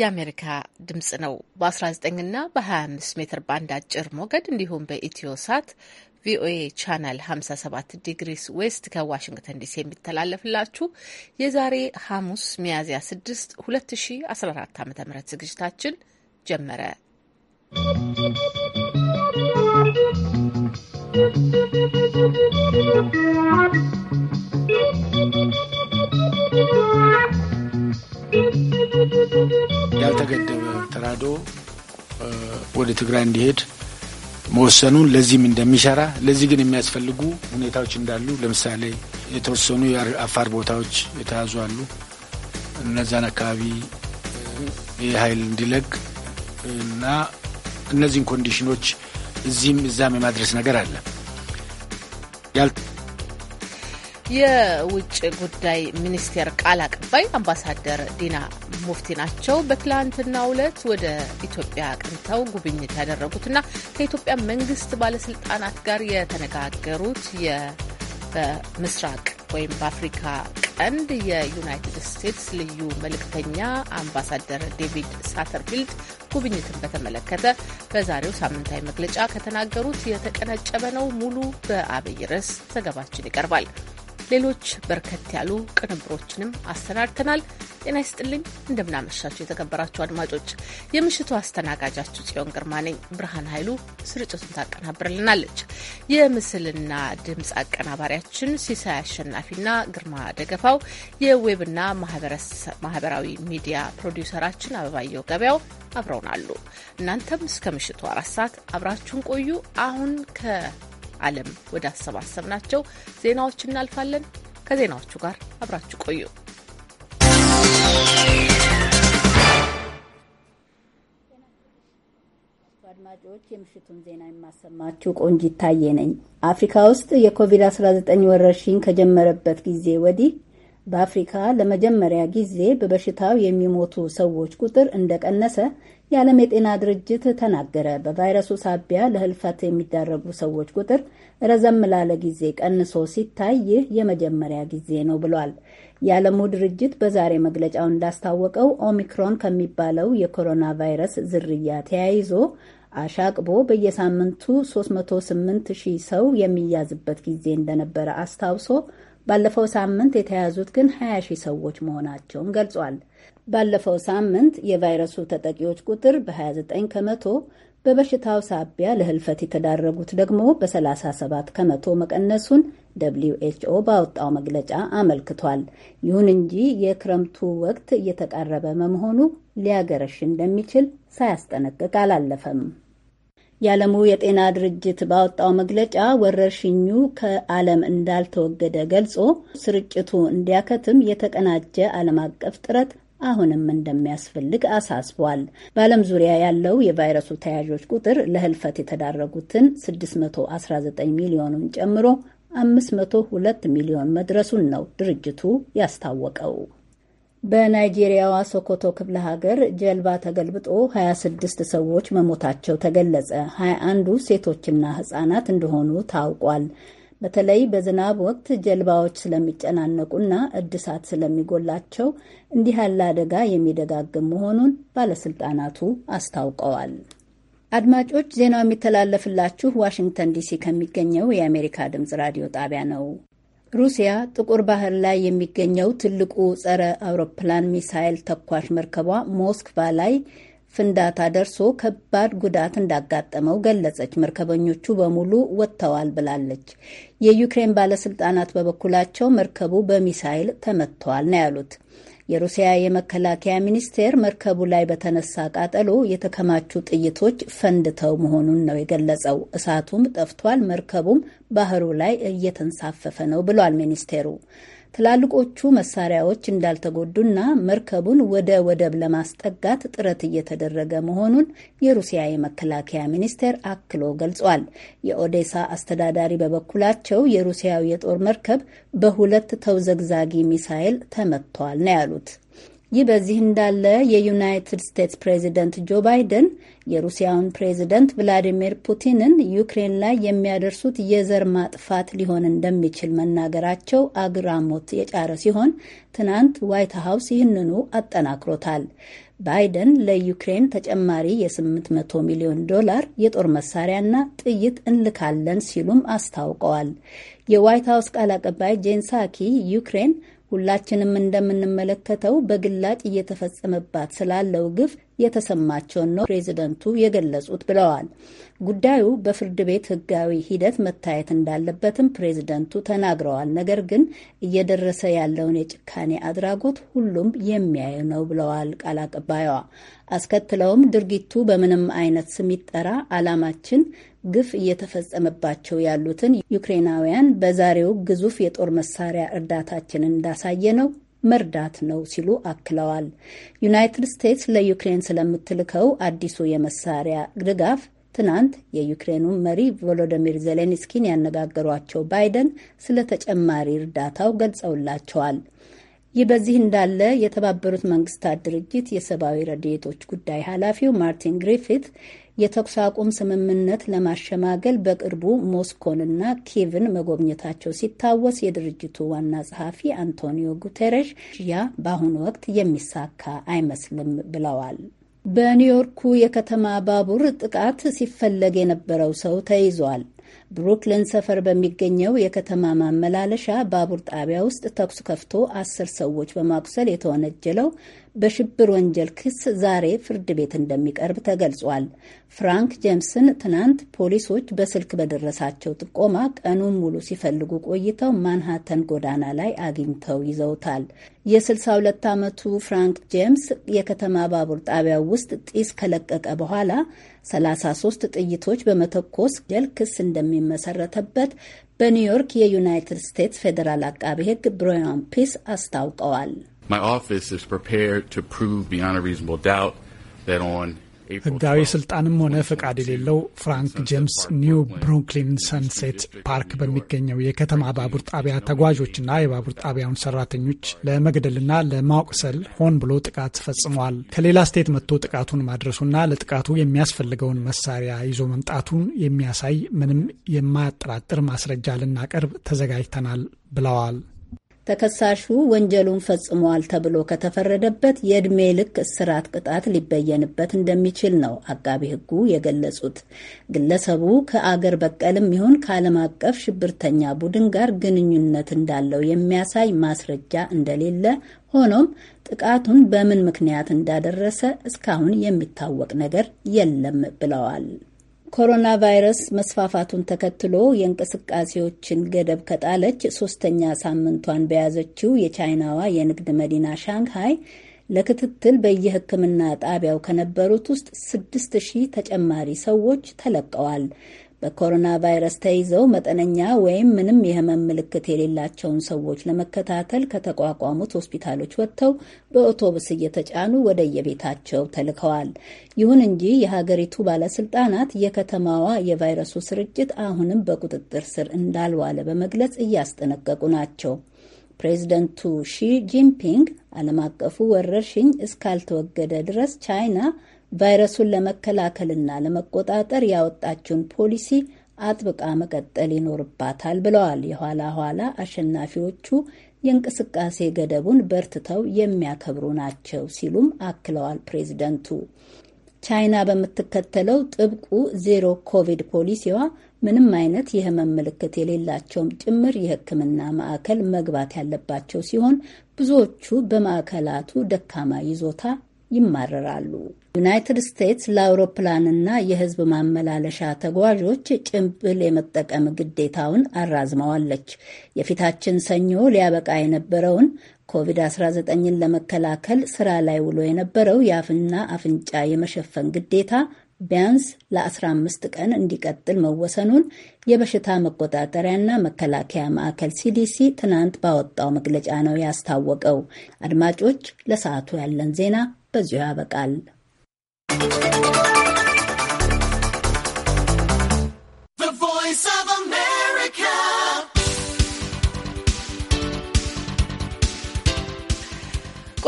የአሜሪካ ድምጽ ነው። በ19 እና በ25 ሜትር ባንድ አጭር ሞገድ እንዲሁም በኢትዮ ሳት ቪኦኤ ቻናል 57 ዲግሪስ ዌስት ከዋሽንግተን ዲሲ የሚተላለፍላችሁ የዛሬ ሐሙስ ሚያዝያ 6 2014 ዓ ም ዝግጅታችን ጀመረ። ¶¶ ያልተገደበ ተራዶ ወደ ትግራይ እንዲሄድ መወሰኑን ለዚህም እንደሚሰራ ለዚህ ግን የሚያስፈልጉ ሁኔታዎች እንዳሉ ለምሳሌ የተወሰኑ የአፋር ቦታዎች የተያዙ አሉ። እነዛን አካባቢ ይህ ኃይል እንዲለቅ እና እነዚህን ኮንዲሽኖች እዚህም እዛም የማድረስ ነገር አለ። የውጭ ጉዳይ ሚኒስቴር ቃል አቀባይ አምባሳደር ዲና ሙፍቲ ናቸው። በትላንትናው ዕለት ወደ ኢትዮጵያ አቅንተው ጉብኝት ያደረጉትና ከኢትዮጵያ መንግስት ባለስልጣናት ጋር የተነጋገሩት በምስራቅ ወይም በአፍሪካ ቀንድ የዩናይትድ ስቴትስ ልዩ መልእክተኛ አምባሳደር ዴቪድ ሳተርፊልድ ጉብኝትን በተመለከተ በዛሬው ሳምንታዊ መግለጫ ከተናገሩት የተቀነጨበ ነው። ሙሉ በአብይ ርዕስ ዘገባችን ይቀርባል። ሌሎች በርከት ያሉ ቅንብሮችንም አሰናድተናል። ጤና ይስጥልኝ፣ እንደምናመሻችሁ የተከበራችሁ አድማጮች። የምሽቱ አስተናጋጃችሁ ጽዮን ግርማ ነኝ። ብርሃን ኃይሉ ስርጭቱን ታቀናብርልናለች። የምስልና ድምፅ አቀናባሪያችን ሲሳይ አሸናፊና ግርማ ደገፋው፣ የዌብና ማህበራዊ ሚዲያ ፕሮዲውሰራችን አበባየው ገበያው አብረውናሉ። እናንተም እስከ ምሽቱ አራት ሰዓት አብራችሁን ቆዩ። አሁን ከ ዓለም ወደ አሰባሰብ ናቸው ዜናዎች እናልፋለን። ከዜናዎቹ ጋር አብራችሁ ቆዩ። አድማጮች የምሽቱን ዜና የማሰማችሁ ቆንጂ ይታየ ነኝ። አፍሪካ ውስጥ የኮቪድ-19 ወረርሽኝ ከጀመረበት ጊዜ ወዲህ በአፍሪካ ለመጀመሪያ ጊዜ በበሽታው የሚሞቱ ሰዎች ቁጥር እንደቀነሰ የዓለም የጤና ድርጅት ተናገረ። በቫይረሱ ሳቢያ ለህልፈት የሚዳረጉ ሰዎች ቁጥር ረዘም ላለ ጊዜ ቀንሶ ሲታይ ይህ የመጀመሪያ ጊዜ ነው ብሏል። የዓለሙ ድርጅት በዛሬ መግለጫው እንዳስታወቀው ኦሚክሮን ከሚባለው የኮሮና ቫይረስ ዝርያ ተያይዞ አሻቅቦ በየሳምንቱ 308 ሺህ ሰው የሚያዝበት ጊዜ እንደነበረ አስታውሶ ባለፈው ሳምንት የተያዙት ግን 20 ሺህ ሰዎች መሆናቸውን ገልጿል። ባለፈው ሳምንት የቫይረሱ ተጠቂዎች ቁጥር በ29 ከመቶ፣ በበሽታው ሳቢያ ለህልፈት የተዳረጉት ደግሞ በ37 ከመቶ መቀነሱን ደብሊው ኤችኦ ባወጣው መግለጫ አመልክቷል። ይሁን እንጂ የክረምቱ ወቅት እየተቃረበ በመሆኑ ሊያገረሽ እንደሚችል ሳያስጠነቅቅ አላለፈም። የዓለሙ የጤና ድርጅት ባወጣው መግለጫ ወረርሽኙ ከዓለም እንዳልተወገደ ገልጾ ስርጭቱ እንዲያከትም የተቀናጀ ዓለም አቀፍ ጥረት አሁንም እንደሚያስፈልግ አሳስቧል። በዓለም ዙሪያ ያለው የቫይረሱ ተያዦች ቁጥር ለህልፈት የተዳረጉትን 619 ሚሊዮኑን ጨምሮ 502 ሚሊዮን መድረሱን ነው ድርጅቱ ያስታወቀው። በናይጄሪያዋ ሶኮቶ ክፍለ ሀገር ጀልባ ተገልብጦ 26 ሰዎች መሞታቸው ተገለጸ። 21ዱ ሴቶችና ህጻናት እንደሆኑ ታውቋል። በተለይ በዝናብ ወቅት ጀልባዎች ስለሚጨናነቁና እድሳት ስለሚጎላቸው እንዲህ ያለ አደጋ የሚደጋግም መሆኑን ባለስልጣናቱ አስታውቀዋል። አድማጮች፣ ዜናው የሚተላለፍላችሁ ዋሽንግተን ዲሲ ከሚገኘው የአሜሪካ ድምፅ ራዲዮ ጣቢያ ነው። ሩሲያ ጥቁር ባህር ላይ የሚገኘው ትልቁ ጸረ አውሮፕላን ሚሳይል ተኳሽ መርከቧ ሞስክቫ ላይ ፍንዳታ ደርሶ ከባድ ጉዳት እንዳጋጠመው ገለጸች። መርከበኞቹ በሙሉ ወጥተዋል ብላለች። የዩክሬን ባለስልጣናት በበኩላቸው መርከቡ በሚሳይል ተመትተዋል ነው ያሉት። የሩሲያ የመከላከያ ሚኒስቴር መርከቡ ላይ በተነሳ ቃጠሎ የተከማቹ ጥይቶች ፈንድተው መሆኑን ነው የገለጸው። እሳቱም ጠፍቷል፣ መርከቡም ባህሩ ላይ እየተንሳፈፈ ነው ብሏል ሚኒስቴሩ። ትላልቆቹ መሳሪያዎች እንዳልተጎዱና መርከቡን ወደ ወደብ ለማስጠጋት ጥረት እየተደረገ መሆኑን የሩሲያ የመከላከያ ሚኒስቴር አክሎ ገልጿል። የኦዴሳ አስተዳዳሪ በበኩላቸው የሩሲያው የጦር መርከብ በሁለት ተውዘግዛጊ ሚሳይል ተመቷል ነው ያሉት። ይህ በዚህ እንዳለ የዩናይትድ ስቴትስ ፕሬዚደንት ጆ ባይደን የሩሲያውን ፕሬዚደንት ቭላዲሚር ፑቲንን ዩክሬን ላይ የሚያደርሱት የዘር ማጥፋት ሊሆን እንደሚችል መናገራቸው አግራሞት የጫረ ሲሆን ትናንት ዋይት ሀውስ ይህንኑ አጠናክሮታል። ባይደን ለዩክሬን ተጨማሪ የ800 ሚሊዮን ዶላር የጦር መሳሪያና ጥይት እንልካለን ሲሉም አስታውቀዋል። የዋይት ሀውስ ቃል አቀባይ ጄን ሳኪ ዩክሬን ሁላችንም እንደምንመለከተው በግላጭ እየተፈጸመባት ስላለው ግፍ የተሰማቸውን ነው ፕሬዚደንቱ የገለጹት ብለዋል። ጉዳዩ በፍርድ ቤት ሕጋዊ ሂደት መታየት እንዳለበትም ፕሬዝደንቱ ተናግረዋል። ነገር ግን እየደረሰ ያለውን የጭካኔ አድራጎት ሁሉም የሚያዩ ነው ብለዋል ቃል አቀባይዋ። አስከትለውም ድርጊቱ በምንም አይነት ስም ይጠራ፣ ግፍ እየተፈጸመባቸው ያሉትን ዩክሬናውያን በዛሬው ግዙፍ የጦር መሳሪያ እርዳታችን እንዳሳየ ነው መርዳት ነው ሲሉ አክለዋል። ዩናይትድ ስቴትስ ለዩክሬን ስለምትልከው አዲሱ የመሳሪያ ድጋፍ ትናንት የዩክሬኑን መሪ ቮሎዲሚር ዜሌንስኪን ያነጋገሯቸው ባይደን ስለ ተጨማሪ እርዳታው ገልጸውላቸዋል። ይህ በዚህ እንዳለ የተባበሩት መንግስታት ድርጅት የሰብአዊ ረድኤቶች ጉዳይ ኃላፊው ማርቲን ግሪፊት የተኩስ አቁም ስምምነት ለማሸማገል በቅርቡ ሞስኮንና ኪቭን መጎብኘታቸው ሲታወስ የድርጅቱ ዋና ጸሐፊ አንቶኒዮ ጉቴሬሽ ያ በአሁኑ ወቅት የሚሳካ አይመስልም ብለዋል። በኒውዮርኩ የከተማ ባቡር ጥቃት ሲፈለግ የነበረው ሰው ተይዟል። ብሩክሊን ሰፈር በሚገኘው የከተማ ማመላለሻ ባቡር ጣቢያ ውስጥ ተኩስ ከፍቶ አስር ሰዎች በማቁሰል የተወነጀለው በሽብር ወንጀል ክስ ዛሬ ፍርድ ቤት እንደሚቀርብ ተገልጿል። ፍራንክ ጄምስን ትናንት ፖሊሶች በስልክ በደረሳቸው ጥቆማ ቀኑን ሙሉ ሲፈልጉ ቆይተው ማንሃተን ጎዳና ላይ አግኝተው ይዘውታል። የ62 ዓመቱ ፍራንክ ጄምስ የከተማ ባቡር ጣቢያ ውስጥ ጢስ ከለቀቀ በኋላ 33 ጥይቶች በመተኮስ ጀል ክስ እንደሚመሰረተበት በኒውዮርክ የዩናይትድ ስቴትስ ፌዴራል አቃቤ ሕግ ብሮያን ፒስ አስታውቀዋል። My office is prepared to prove beyond a reasonable doubt that on ህጋዊ ስልጣንም ሆነ ፈቃድ የሌለው ፍራንክ ጄምስ ኒው ብሩክሊን ሰንሴት ፓርክ በሚገኘው የከተማ ባቡር ጣቢያ ተጓዦችና የባቡር ጣቢያውን ሰራተኞች ለመግደልና ለማቁሰል ሆን ብሎ ጥቃት ፈጽመዋል። ከሌላ ስቴት መጥቶ ጥቃቱን ማድረሱና ለጥቃቱ የሚያስፈልገውን መሳሪያ ይዞ መምጣቱን የሚያሳይ ምንም የማያጠራጥር ማስረጃ ልናቀርብ ተዘጋጅተናል ብለዋል። ተከሳሹ ወንጀሉን ፈጽሟል ተብሎ ከተፈረደበት የዕድሜ ልክ እስራት ቅጣት ሊበየንበት እንደሚችል ነው አቃቢ ሕጉ የገለጹት። ግለሰቡ ከአገር በቀልም ይሁን ከዓለም አቀፍ ሽብርተኛ ቡድን ጋር ግንኙነት እንዳለው የሚያሳይ ማስረጃ እንደሌለ፣ ሆኖም ጥቃቱን በምን ምክንያት እንዳደረሰ እስካሁን የሚታወቅ ነገር የለም ብለዋል። ኮሮና ቫይረስ መስፋፋቱን ተከትሎ የእንቅስቃሴዎችን ገደብ ከጣለች ሶስተኛ ሳምንቷን በያዘችው የቻይናዋ የንግድ መዲና ሻንግሃይ ለክትትል በየሕክምና ጣቢያው ከነበሩት ውስጥ ስድስት ሺህ ተጨማሪ ሰዎች ተለቀዋል። በኮሮና ቫይረስ ተይዘው መጠነኛ ወይም ምንም የህመም ምልክት የሌላቸውን ሰዎች ለመከታተል ከተቋቋሙት ሆስፒታሎች ወጥተው በአውቶቡስ እየተጫኑ ወደየቤታቸው ተልከዋል። ይሁን እንጂ የሀገሪቱ ባለስልጣናት የከተማዋ የቫይረሱ ስርጭት አሁንም በቁጥጥር ስር እንዳልዋለ በመግለጽ እያስጠነቀቁ ናቸው። ፕሬዚደንቱ ሺ ጂንፒንግ ዓለም አቀፉ ወረርሽኝ እስካልተወገደ ድረስ ቻይና ቫይረሱን ለመከላከልና ለመቆጣጠር ያወጣችውን ፖሊሲ አጥብቃ መቀጠል ይኖርባታል ብለዋል። የኋላ ኋላ አሸናፊዎቹ የእንቅስቃሴ ገደቡን በርትተው የሚያከብሩ ናቸው ሲሉም አክለዋል ፕሬዚደንቱ። ቻይና በምትከተለው ጥብቁ ዜሮ ኮቪድ ፖሊሲዋ ምንም አይነት የህመም ምልክት የሌላቸውም ጭምር የሕክምና ማዕከል መግባት ያለባቸው ሲሆን ብዙዎቹ በማዕከላቱ ደካማ ይዞታ ይማረራሉ። ዩናይትድ ስቴትስ ለአውሮፕላንና የህዝብ ማመላለሻ ተጓዦች ጭንብል የመጠቀም ግዴታውን አራዝመዋለች። የፊታችን ሰኞ ሊያበቃ የነበረውን ኮቪድ-19ን ለመከላከል ስራ ላይ ውሎ የነበረው የአፍና አፍንጫ የመሸፈን ግዴታ ቢያንስ ለ15 ቀን እንዲቀጥል መወሰኑን የበሽታ መቆጣጠሪያና መከላከያ ማዕከል ሲዲሲ ትናንት ባወጣው መግለጫ ነው ያስታወቀው። አድማጮች፣ ለሰዓቱ ያለን ዜና በዚሁ ያበቃል።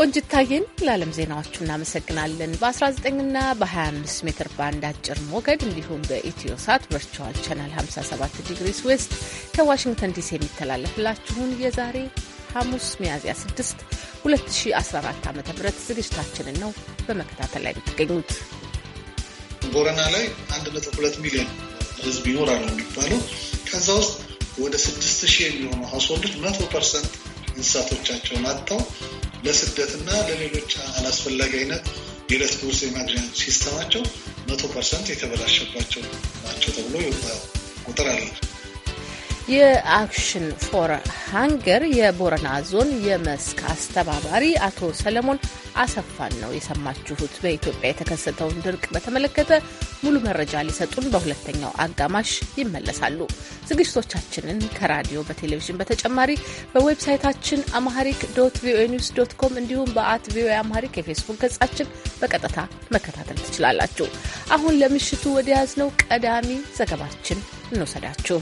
ቆንጅታዬን ለዓለም ዜናዎቹ እናመሰግናለን። በ19ና በ25 ሜትር ባንድ አጭር ሞገድ እንዲሁም በኢትዮ ሳት ቨርቹዋል ቻናል 57 ዲግሪስ ዌስት ከዋሽንግተን ዲሲ የሚተላለፍላችሁን የዛሬ ሐሙስ ሚያዝያ 6 2014 ዓ ም ዝግጅታችንን ነው በመከታተል ላይ የምትገኙት። ቦረና ላይ 1.2 ሚሊዮን ህዝብ ይኖራል ነው የሚባለው። ከዛ ውስጥ ወደ 6 ሺህ የሚሆኑ ሀውስሆልዶች መቶ ፐርሰንት እንስሳቶቻቸውን አጥተው ለስደትና ለሌሎች አላስፈላጊ አይነት የዕለት ጉርስ የማግኛ ሲስተማቸው መቶ ፐርሰንት የተበላሸባቸው ናቸው ተብሎ ቁጥር አለ። የአክሽን ፎር ሃንገር የቦረና ዞን የመስክ አስተባባሪ አቶ ሰለሞን አሰፋን ነው የሰማችሁት። በኢትዮጵያ የተከሰተውን ድርቅ በተመለከተ ሙሉ መረጃ ሊሰጡን በሁለተኛው አጋማሽ ይመለሳሉ። ዝግጅቶቻችንን ከራዲዮ በቴሌቪዥን በተጨማሪ በዌብሳይታችን አማሪክ ዶት ቪኦኤ ኒውስ ዶት ኮም እንዲሁም በአት ቪኦኤ አማሪክ የፌስቡክ ገጻችን በቀጥታ መከታተል ትችላላችሁ። አሁን ለምሽቱ ወደ ነው ቀዳሚ ዘገባችን እንወሰዳችሁ።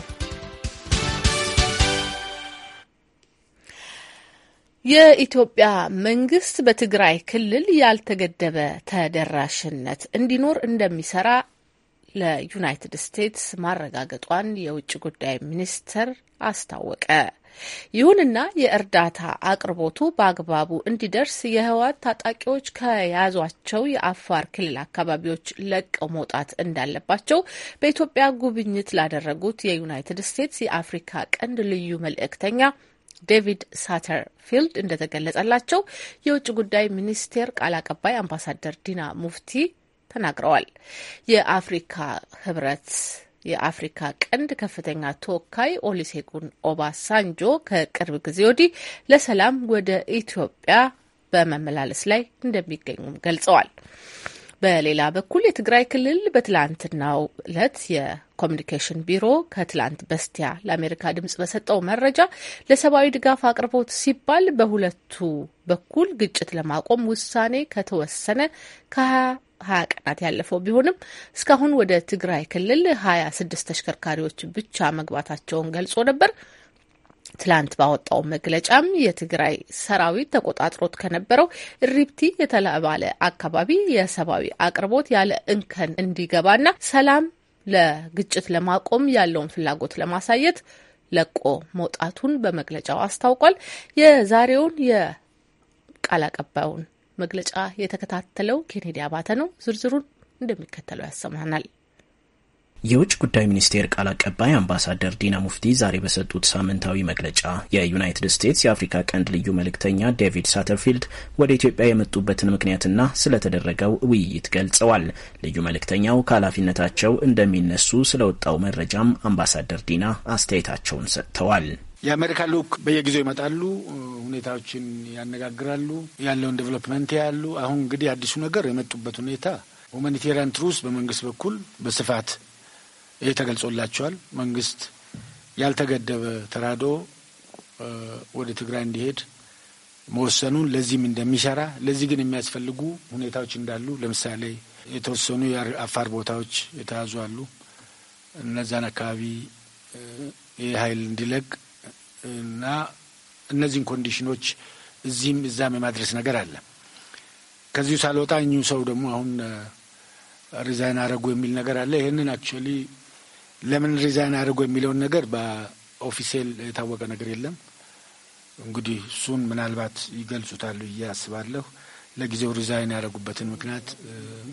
የኢትዮጵያ መንግስት በትግራይ ክልል ያልተገደበ ተደራሽነት እንዲኖር እንደሚሰራ ለዩናይትድ ስቴትስ ማረጋገጧን የውጭ ጉዳይ ሚኒስትር አስታወቀ። ይሁንና የእርዳታ አቅርቦቱ በአግባቡ እንዲደርስ የህወሓት ታጣቂዎች ከያዟቸው የአፋር ክልል አካባቢዎች ለቀው መውጣት እንዳለባቸው በኢትዮጵያ ጉብኝት ላደረጉት የዩናይትድ ስቴትስ የአፍሪካ ቀንድ ልዩ መልእክተኛ ዴቪድ ሳተርፊልድ እንደተገለጸላቸው የውጭ ጉዳይ ሚኒስቴር ቃል አቀባይ አምባሳደር ዲና ሙፍቲ ተናግረዋል። የአፍሪካ ህብረት የአፍሪካ ቀንድ ከፍተኛ ተወካይ ኦሊሴጉን ኦባሳንጆ ከቅርብ ጊዜ ወዲህ ለሰላም ወደ ኢትዮጵያ በመመላለስ ላይ እንደሚገኙም ገልጸዋል። በሌላ በኩል የትግራይ ክልል በትላንትናው ዕለት የኮሚኒኬሽን ቢሮ ከትላንት በስቲያ ለአሜሪካ ድምጽ በሰጠው መረጃ ለሰብአዊ ድጋፍ አቅርቦት ሲባል በሁለቱ በኩል ግጭት ለማቆም ውሳኔ ከተወሰነ ከ ሀያ ቀናት ያለፈው ቢሆንም እስካሁን ወደ ትግራይ ክልል ሀያ ስድስት ተሽከርካሪዎች ብቻ መግባታቸውን ገልጾ ነበር። ትላንት ባወጣው መግለጫም የትግራይ ሰራዊት ተቆጣጥሮት ከነበረው ሪፕቲ የተባለ አካባቢ የሰብአዊ አቅርቦት ያለ እንከን እንዲገባና ሰላም ለግጭት ለማቆም ያለውን ፍላጎት ለማሳየት ለቆ መውጣቱን በመግለጫው አስታውቋል። የዛሬውን የቃል አቀባዩን መግለጫ የተከታተለው ኬኔዲ አባተ ነው። ዝርዝሩን እንደሚከተለው ያሰማናል። የውጭ ጉዳይ ሚኒስቴር ቃል አቀባይ አምባሳደር ዲና ሙፍቲ ዛሬ በሰጡት ሳምንታዊ መግለጫ የዩናይትድ ስቴትስ የአፍሪካ ቀንድ ልዩ መልእክተኛ ዴቪድ ሳተርፊልድ ወደ ኢትዮጵያ የመጡበትን ምክንያትና ስለተደረገው ውይይት ገልጸዋል። ልዩ መልእክተኛው ከኃላፊነታቸው እንደሚነሱ ስለወጣው መረጃም አምባሳደር ዲና አስተያየታቸውን ሰጥተዋል። የአሜሪካ ልዑክ በየጊዜው ይመጣሉ፣ ሁኔታዎችን ያነጋግራሉ፣ ያለውን ዴቨሎፕመንት ያሉ። አሁን እንግዲህ አዲሱ ነገር የመጡበት ሁኔታ ሁማኒቴሪያን ትሩስ በመንግስት በኩል በስፋት ይሄ ተገልጾላቸዋል። መንግስት ያልተገደበ ተራዶ ወደ ትግራይ እንዲሄድ መወሰኑን ለዚህም እንደሚሰራ ለዚህ ግን የሚያስፈልጉ ሁኔታዎች እንዳሉ ለምሳሌ የተወሰኑ የአፋር ቦታዎች የተያዙ አሉ። እነዛን አካባቢ ይህ ኃይል እንዲለቅ እና እነዚህን ኮንዲሽኖች እዚህም እዛም የማድረስ ነገር አለ። ከዚሁ ሳልወጣ እኚሁ ሰው ደግሞ አሁን ሪዛይን አረጉ የሚል ነገር አለ። ይህንን አክቹዋሊ ለምን ሪዛይን አድርጎ የሚለውን ነገር በኦፊሴል የታወቀ ነገር የለም። እንግዲህ እሱን ምናልባት ይገልጹታል ብዬ አስባለሁ። ለጊዜው ሪዛይን ያደረጉበትን ምክንያት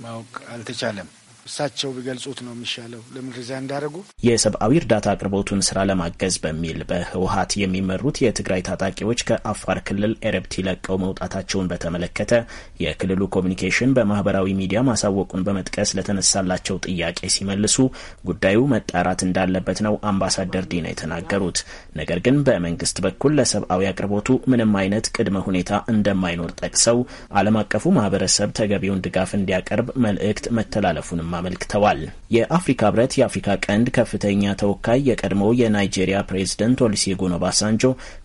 ማወቅ አልተቻለም። እሳቸው ቢገልጹት ነው የሚሻለው። ለምንጊዜ እንዳደረጉ የሰብአዊ እርዳታ አቅርቦቱን ስራ ለማገዝ በሚል በህወሀት የሚመሩት የትግራይ ታጣቂዎች ከአፋር ክልል ኤረብቲ ለቀው መውጣታቸውን በተመለከተ የክልሉ ኮሚኒኬሽን በማህበራዊ ሚዲያ ማሳወቁን በመጥቀስ ለተነሳላቸው ጥያቄ ሲመልሱ ጉዳዩ መጣራት እንዳለበት ነው አምባሳደር ዲና የተናገሩት። ነገር ግን በመንግስት በኩል ለሰብአዊ አቅርቦቱ ምንም አይነት ቅድመ ሁኔታ እንደማይኖር ጠቅሰው ዓለም አቀፉ ማህበረሰብ ተገቢውን ድጋፍ እንዲያቀርብ መልእክት መተላለፉንም አመልክተዋል። የአፍሪካ ህብረት የአፍሪካ ቀንድ ከፍተኛ ተወካይ የቀድሞው የናይጄሪያ ፕሬዝደንት ኦሊሴጉን ኦባሳንጆ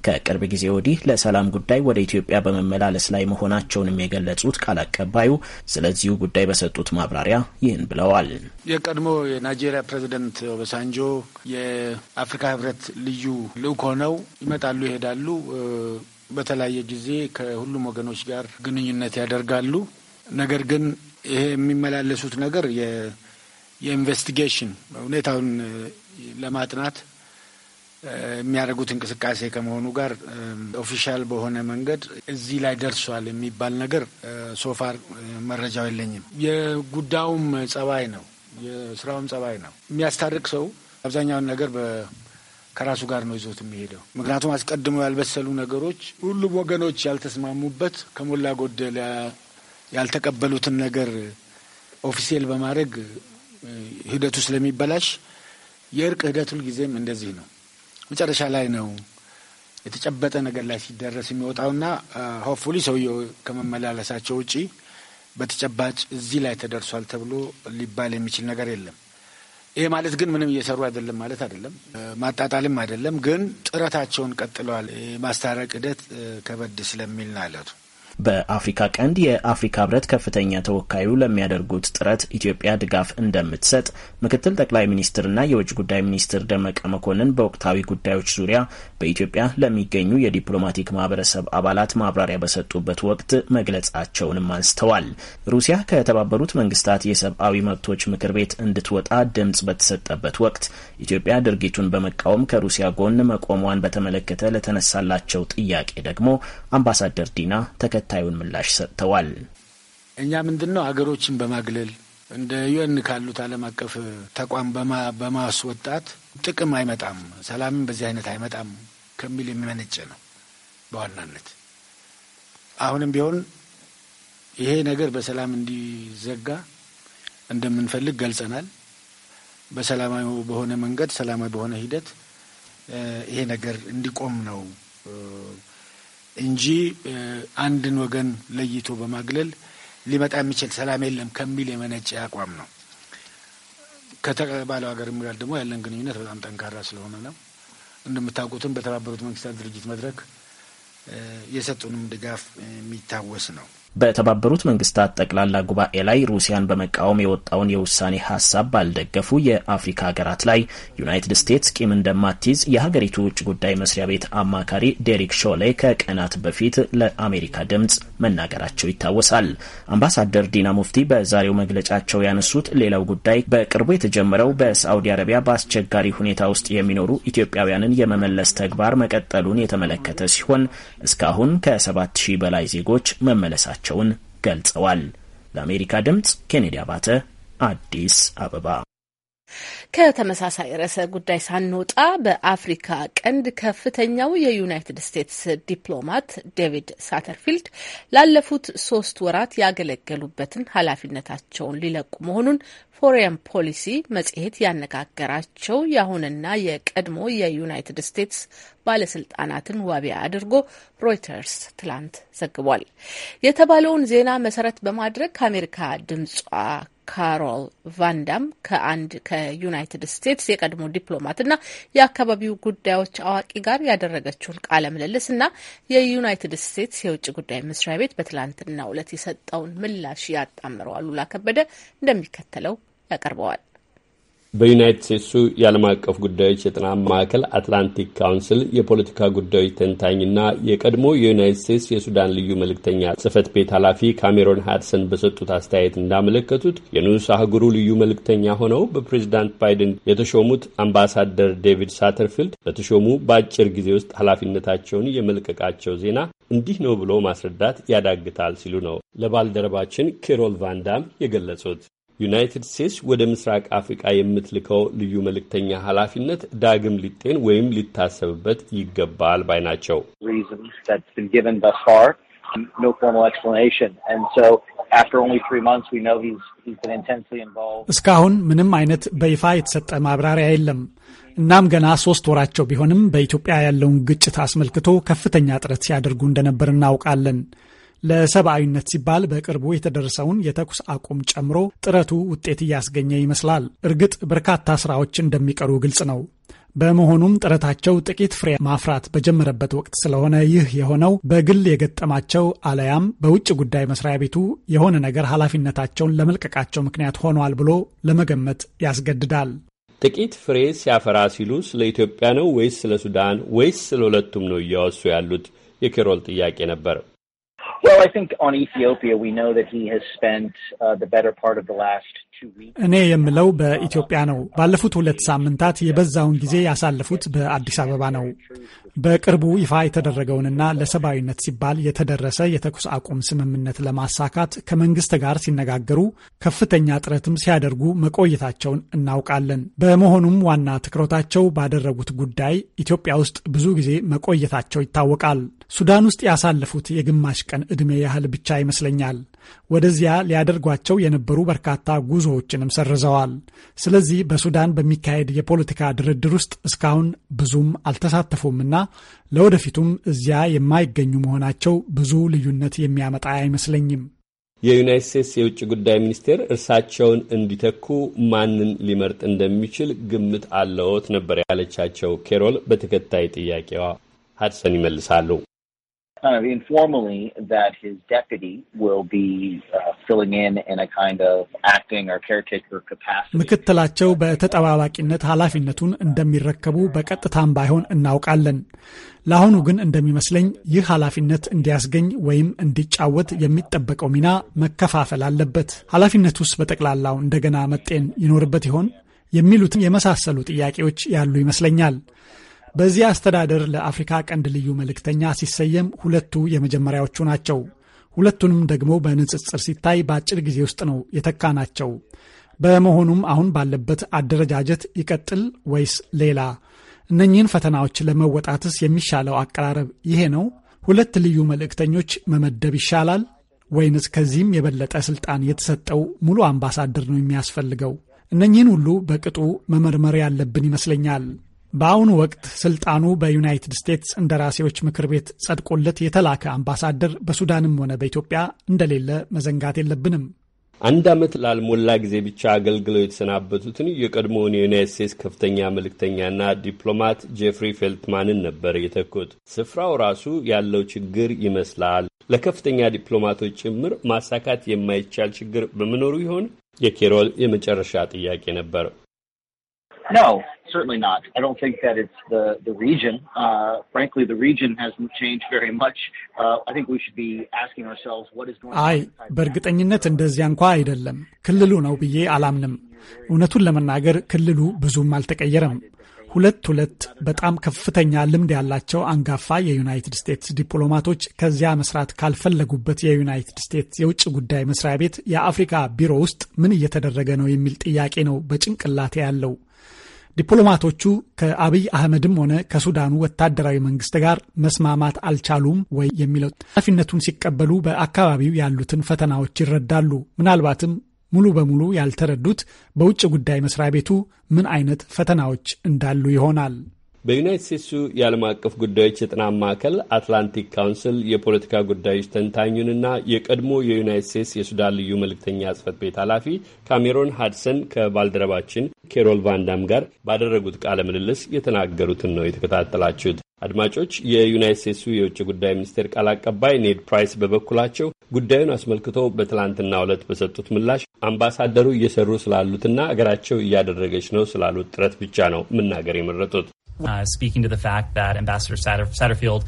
ከቅርብ ጊዜ ወዲህ ለሰላም ጉዳይ ወደ ኢትዮጵያ በመመላለስ ላይ መሆናቸውንም የገለጹት ቃል አቀባዩ ስለዚሁ ጉዳይ በሰጡት ማብራሪያ ይህን ብለዋል። የቀድሞ የናይጄሪያ ፕሬዝደንት ኦባሳንጆ የአፍሪካ ህብረት ልዩ ልዑክ ሆነው ይመጣሉ፣ ይሄዳሉ። በተለያየ ጊዜ ከሁሉም ወገኖች ጋር ግንኙነት ያደርጋሉ። ነገር ግን ይሄ የሚመላለሱት ነገር የኢንቨስቲጌሽን ሁኔታውን ለማጥናት የሚያደርጉት እንቅስቃሴ ከመሆኑ ጋር ኦፊሻል በሆነ መንገድ እዚህ ላይ ደርሷል የሚባል ነገር ሶፋር መረጃው የለኝም። የጉዳዩም ጸባይ ነው፣ የስራውም ጸባይ ነው። የሚያስታርቅ ሰው አብዛኛውን ነገር ከራሱ ጋር ነው ይዞት የሚሄደው። ምክንያቱም አስቀድሞ ያልበሰሉ ነገሮች ሁሉም ወገኖች ያልተስማሙበት ከሞላ ጎደል ያልተቀበሉትን ነገር ኦፊሴል በማድረግ ሂደቱ ስለሚበላሽ የእርቅ ሂደት ሁልጊዜም እንደዚህ ነው። መጨረሻ ላይ ነው የተጨበጠ ነገር ላይ ሲደረስ የሚወጣውና ሆፕፉሊ ሰውየው ከመመላለሳቸው ውጪ በተጨባጭ እዚህ ላይ ተደርሷል ተብሎ ሊባል የሚችል ነገር የለም። ይሄ ማለት ግን ምንም እየሰሩ አይደለም ማለት አይደለም፣ ማጣጣልም አይደለም። ግን ጥረታቸውን ቀጥለዋል። የማስታረቅ ሂደት ከበድ ስለሚል ነው አለቱ በአፍሪካ ቀንድ የአፍሪካ ህብረት ከፍተኛ ተወካዩ ለሚያደርጉት ጥረት ኢትዮጵያ ድጋፍ እንደምትሰጥ ምክትል ጠቅላይ ሚኒስትርና የውጭ ጉዳይ ሚኒስትር ደመቀ መኮንን በወቅታዊ ጉዳዮች ዙሪያ በኢትዮጵያ ለሚገኙ የዲፕሎማቲክ ማህበረሰብ አባላት ማብራሪያ በሰጡበት ወቅት መግለጻቸውንም አንስተዋል። ሩሲያ ከተባበሩት መንግስታት የሰብአዊ መብቶች ምክር ቤት እንድትወጣ ድምጽ በተሰጠበት ወቅት ኢትዮጵያ ድርጊቱን በመቃወም ከሩሲያ ጎን መቆሟን በተመለከተ ለተነሳላቸው ጥያቄ ደግሞ አምባሳደር ዲና ተከ ተከታዩን ምላሽ ሰጥተዋል። እኛ ምንድን ነው ሀገሮችን በማግለል እንደ ዩን ካሉት ዓለም አቀፍ ተቋም በማስወጣት ጥቅም አይመጣም፣ ሰላምን በዚህ አይነት አይመጣም ከሚል የሚመነጨ ነው በዋናነት አሁንም ቢሆን ይሄ ነገር በሰላም እንዲዘጋ እንደምንፈልግ ገልጸናል። በሰላማዊ በሆነ መንገድ ሰላማዊ በሆነ ሂደት ይሄ ነገር እንዲቆም ነው እንጂ አንድን ወገን ለይቶ በማግለል ሊመጣ የሚችል ሰላም የለም ከሚል የመነጨ አቋም ነው። ከተባለው ሀገር ጋር ደግሞ ያለን ግንኙነት በጣም ጠንካራ ስለሆነ ነው። እንደምታውቁትም በተባበሩት መንግስታት ድርጅት መድረክ የሰጡንም ድጋፍ የሚታወስ ነው። በተባበሩት መንግስታት ጠቅላላ ጉባኤ ላይ ሩሲያን በመቃወም የወጣውን የውሳኔ ሀሳብ ባልደገፉ የአፍሪካ ሀገራት ላይ ዩናይትድ ስቴትስ ቂም እንደማትይዝ የሀገሪቱ ውጭ ጉዳይ መስሪያ ቤት አማካሪ ዴሪክ ሾሌ ከቀናት በፊት ለአሜሪካ ድምጽ መናገራቸው ይታወሳል። አምባሳደር ዲና ሙፍቲ በዛሬው መግለጫቸው ያነሱት ሌላው ጉዳይ በቅርቡ የተጀመረው በሳዑዲ አረቢያ በአስቸጋሪ ሁኔታ ውስጥ የሚኖሩ ኢትዮጵያውያንን የመመለስ ተግባር መቀጠሉን የተመለከተ ሲሆን እስካሁን ከ ሺህ በላይ ዜጎች መመለሳቸው መሆናቸውን ገልጸዋል። ለአሜሪካ ድምጽ ኬኔዲ አባተ አዲስ አበባ። ከተመሳሳይ ርዕሰ ጉዳይ ሳንወጣ በአፍሪካ ቀንድ ከፍተኛው የዩናይትድ ስቴትስ ዲፕሎማት ዴቪድ ሳተርፊልድ ላለፉት ሶስት ወራት ያገለገሉበትን ኃላፊነታቸውን ሊለቁ መሆኑን ፎሬን ፖሊሲ መጽሔት ያነጋገራቸው የአሁንና የቀድሞ የዩናይትድ ስቴትስ ባለስልጣናትን ዋቢ አድርጎ ሮይተርስ ትላንት ዘግቧል። የተባለውን ዜና መሰረት በማድረግ ከአሜሪካ ድምጿ ካሮል ቫንዳም ከአንድ ከዩናይትድ ስቴትስ የቀድሞ ዲፕሎማትና የአካባቢው ጉዳዮች አዋቂ ጋር ያደረገችውን ቃለ ምልልስ እና የዩናይትድ ስቴትስ የውጭ ጉዳይ መስሪያ ቤት በትላንትናው ዕለት የሰጠውን ምላሽ ያጣምረዋል። አሉላ ከበደ እንደሚከተለው ያቀርበዋል። በዩናይትድ ስቴትሱ የዓለም አቀፍ ጉዳዮች የጥናት ማዕከል አትላንቲክ ካውንስል የፖለቲካ ጉዳዮች ተንታኝና የቀድሞ የዩናይትድ ስቴትስ የሱዳን ልዩ መልእክተኛ ጽህፈት ቤት ኃላፊ ካሜሮን ሃድሰን በሰጡት አስተያየት እንዳመለከቱት የንዑስ አህጉሩ ልዩ መልእክተኛ ሆነው በፕሬዚዳንት ባይደን የተሾሙት አምባሳደር ዴቪድ ሳተርፊልድ በተሾሙ በአጭር ጊዜ ውስጥ ኃላፊነታቸውን የመልቀቃቸው ዜና እንዲህ ነው ብሎ ማስረዳት ያዳግታል ሲሉ ነው ለባልደረባችን ኬሮል ቫንዳም የገለጹት። ዩናይትድ ስቴትስ ወደ ምስራቅ አፍሪቃ የምትልከው ልዩ መልእክተኛ ኃላፊነት ዳግም ሊጤን ወይም ሊታሰብበት ይገባል ባይ ናቸው። እስካሁን ምንም አይነት በይፋ የተሰጠ ማብራሪያ የለም። እናም ገና ሶስት ወራቸው ቢሆንም በኢትዮጵያ ያለውን ግጭት አስመልክቶ ከፍተኛ ጥረት ሲያደርጉ እንደነበር እናውቃለን። ለሰብአዊነት ሲባል በቅርቡ የተደረሰውን የተኩስ አቁም ጨምሮ ጥረቱ ውጤት እያስገኘ ይመስላል። እርግጥ በርካታ ስራዎች እንደሚቀሩ ግልጽ ነው። በመሆኑም ጥረታቸው ጥቂት ፍሬ ማፍራት በጀመረበት ወቅት ስለሆነ ይህ የሆነው በግል የገጠማቸው አለያም በውጭ ጉዳይ መስሪያ ቤቱ የሆነ ነገር ኃላፊነታቸውን ለመልቀቃቸው ምክንያት ሆኗል ብሎ ለመገመት ያስገድዳል። ጥቂት ፍሬ ሲያፈራ ሲሉ ስለ ኢትዮጵያ ነው ወይስ ስለ ሱዳን ወይስ ስለ ሁለቱም ነው እያወሱ ያሉት? የኬሮል ጥያቄ ነበር። Well, I think on Ethiopia, we know that he has spent uh, the better part of the last እኔ የምለው በኢትዮጵያ ነው። ባለፉት ሁለት ሳምንታት የበዛውን ጊዜ ያሳለፉት በአዲስ አበባ ነው። በቅርቡ ይፋ የተደረገውንና ለሰብአዊነት ሲባል የተደረሰ የተኩስ አቁም ስምምነት ለማሳካት ከመንግስት ጋር ሲነጋገሩ ከፍተኛ ጥረትም ሲያደርጉ መቆየታቸውን እናውቃለን። በመሆኑም ዋና ትኩረታቸው ባደረጉት ጉዳይ ኢትዮጵያ ውስጥ ብዙ ጊዜ መቆየታቸው ይታወቃል። ሱዳን ውስጥ ያሳለፉት የግማሽ ቀን ዕድሜ ያህል ብቻ ይመስለኛል። ወደዚያ ሊያደርጓቸው የነበሩ በርካታ ጉዞዎችንም ሰርዘዋል። ስለዚህ በሱዳን በሚካሄድ የፖለቲካ ድርድር ውስጥ እስካሁን ብዙም አልተሳተፉምና ለወደፊቱም እዚያ የማይገኙ መሆናቸው ብዙ ልዩነት የሚያመጣ አይመስለኝም። የዩናይት ስቴትስ የውጭ ጉዳይ ሚኒስቴር እርሳቸውን እንዲተኩ ማንን ሊመርጥ እንደሚችል ግምት አለዎት ነበር ያለቻቸው ኬሮል በተከታይ ጥያቄዋ ሀድሰን ይመልሳሉ። kind of informally that his deputy will be uh, filling in in a kind of acting or caretaker capacity ምክትላቸው በተጠባባቂነት ኃላፊነቱን እንደሚረከቡ በቀጥታም ባይሆን እናውቃለን። ለአሁኑ ግን እንደሚመስለኝ ይህ ኃላፊነት እንዲያስገኝ ወይም እንዲጫወት የሚጠበቀው ሚና መከፋፈል አለበት። ኃላፊነቱስ በጠቅላላው እንደገና መጤን ይኖርበት ይሆን የሚሉትን የመሳሰሉ ጥያቄዎች ያሉ ይመስለኛል። በዚህ አስተዳደር ለአፍሪካ ቀንድ ልዩ መልእክተኛ ሲሰየም ሁለቱ የመጀመሪያዎቹ ናቸው። ሁለቱንም ደግሞ በንጽጽር ሲታይ በአጭር ጊዜ ውስጥ ነው የተካ ናቸው። በመሆኑም አሁን ባለበት አደረጃጀት ይቀጥል ወይስ ሌላ? እነኚህን ፈተናዎች ለመወጣትስ የሚሻለው አቀራረብ ይሄ ነው? ሁለት ልዩ መልእክተኞች መመደብ ይሻላል ወይንስ ከዚህም የበለጠ ስልጣን የተሰጠው ሙሉ አምባሳደር ነው የሚያስፈልገው? እነኚህን ሁሉ በቅጡ መመርመር ያለብን ይመስለኛል። በአሁኑ ወቅት ስልጣኑ በዩናይትድ ስቴትስ እንደራሴዎች ምክር ቤት ጸድቆለት የተላከ አምባሳደር በሱዳንም ሆነ በኢትዮጵያ እንደሌለ መዘንጋት የለብንም። አንድ ዓመት ላልሞላ ጊዜ ብቻ አገልግለው የተሰናበቱትን የቀድሞውን የዩናይት ስቴትስ ከፍተኛ መልእክተኛና ዲፕሎማት ጄፍሪ ፌልትማንን ነበር የተኩት። ስፍራው ራሱ ያለው ችግር ይመስላል። ለከፍተኛ ዲፕሎማቶች ጭምር ማሳካት የማይቻል ችግር በመኖሩ ይሆን? የኬሮል የመጨረሻ ጥያቄ ነበር certainly not. I don't think that it's the the region. Uh, frankly, the region hasn't changed very much. Uh, I think we should be asking ourselves what is going. አይ በእርግጠኝነት እንደዚያ እንኳ አይደለም። ክልሉ ነው ብዬ አላምንም። እውነቱን ለመናገር ክልሉ ብዙም አልተቀየረም። ሁለት ሁለት በጣም ከፍተኛ ልምድ ያላቸው አንጋፋ የዩናይትድ ስቴትስ ዲፕሎማቶች ከዚያ መስራት ካልፈለጉበት የዩናይትድ ስቴትስ የውጭ ጉዳይ መስሪያ ቤት የአፍሪካ ቢሮ ውስጥ ምን እየተደረገ ነው የሚል ጥያቄ ነው በጭንቅላቴ ያለው። ዲፕሎማቶቹ ከአብይ አህመድም ሆነ ከሱዳኑ ወታደራዊ መንግስት ጋር መስማማት አልቻሉም ወይ የሚለው ኃላፊነቱን ሲቀበሉ በአካባቢው ያሉትን ፈተናዎች ይረዳሉ። ምናልባትም ሙሉ በሙሉ ያልተረዱት በውጭ ጉዳይ መስሪያ ቤቱ ምን አይነት ፈተናዎች እንዳሉ ይሆናል። በዩናይት ስቴትሱ የዓለም አቀፍ ጉዳዮች የጥናት ማዕከል አትላንቲክ ካውንስል የፖለቲካ ጉዳዮች ተንታኙንና የቀድሞ የዩናይት ስቴትስ የሱዳን ልዩ መልእክተኛ ጽህፈት ቤት ኃላፊ ካሜሮን ሃድሰን ከባልደረባችን ኬሮል ቫንዳም ጋር ባደረጉት ቃለ ምልልስ የተናገሩትን ነው የተከታተላችሁት። አድማጮች፣ የዩናይት ስቴትሱ የውጭ ጉዳይ ሚኒስቴር ቃል አቀባይ ኔድ ፕራይስ በበኩላቸው ጉዳዩን አስመልክቶ በትላንትናው ዕለት በሰጡት ምላሽ አምባሳደሩ እየሰሩ ስላሉትና አገራቸው እያደረገች ነው ስላሉት ጥረት ብቻ ነው መናገር የመረጡት። Uh, speaking to the fact that Ambassador Satter Satterfield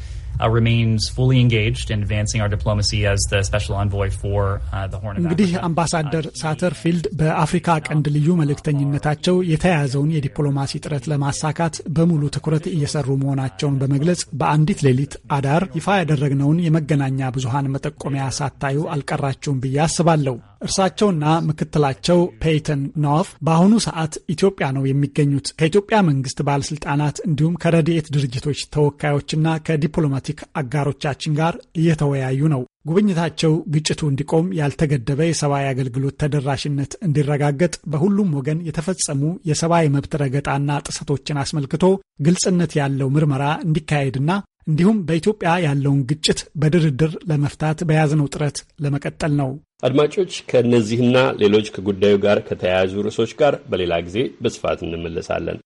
እንግዲህ አምባሳደር ሳተርፊልድ በአፍሪካ ቀንድ ልዩ መልእክተኝነታቸው የተያያዘውን የዲፕሎማሲ ጥረት ለማሳካት በሙሉ ትኩረት እየሰሩ መሆናቸውን በመግለጽ በአንዲት ሌሊት አዳር ይፋ ያደረግነውን የመገናኛ ብዙሃን መጠቆሚያ ሳታዩ አልቀራችሁም ብዬ አስባለሁ። እርሳቸውና ምክትላቸው ፔይተን ኖፍ በአሁኑ ሰዓት ኢትዮጵያ ነው የሚገኙት። ከኢትዮጵያ መንግስት ባለስልጣናት እንዲሁም ከረድኤት ድርጅቶች ተወካዮችና ከዲፕሎማቲክ አጋሮቻችን ጋር እየተወያዩ ነው። ጉብኝታቸው ግጭቱ እንዲቆም፣ ያልተገደበ የሰብአዊ አገልግሎት ተደራሽነት እንዲረጋገጥ፣ በሁሉም ወገን የተፈጸሙ የሰብአዊ መብት ረገጣና ጥሰቶችን አስመልክቶ ግልጽነት ያለው ምርመራ እንዲካሄድና እንዲሁም በኢትዮጵያ ያለውን ግጭት በድርድር ለመፍታት በያዝነው ጥረት ለመቀጠል ነው። አድማጮች፣ ከእነዚህና ሌሎች ከጉዳዩ ጋር ከተያያዙ ርዕሶች ጋር በሌላ ጊዜ በስፋት እንመለሳለን።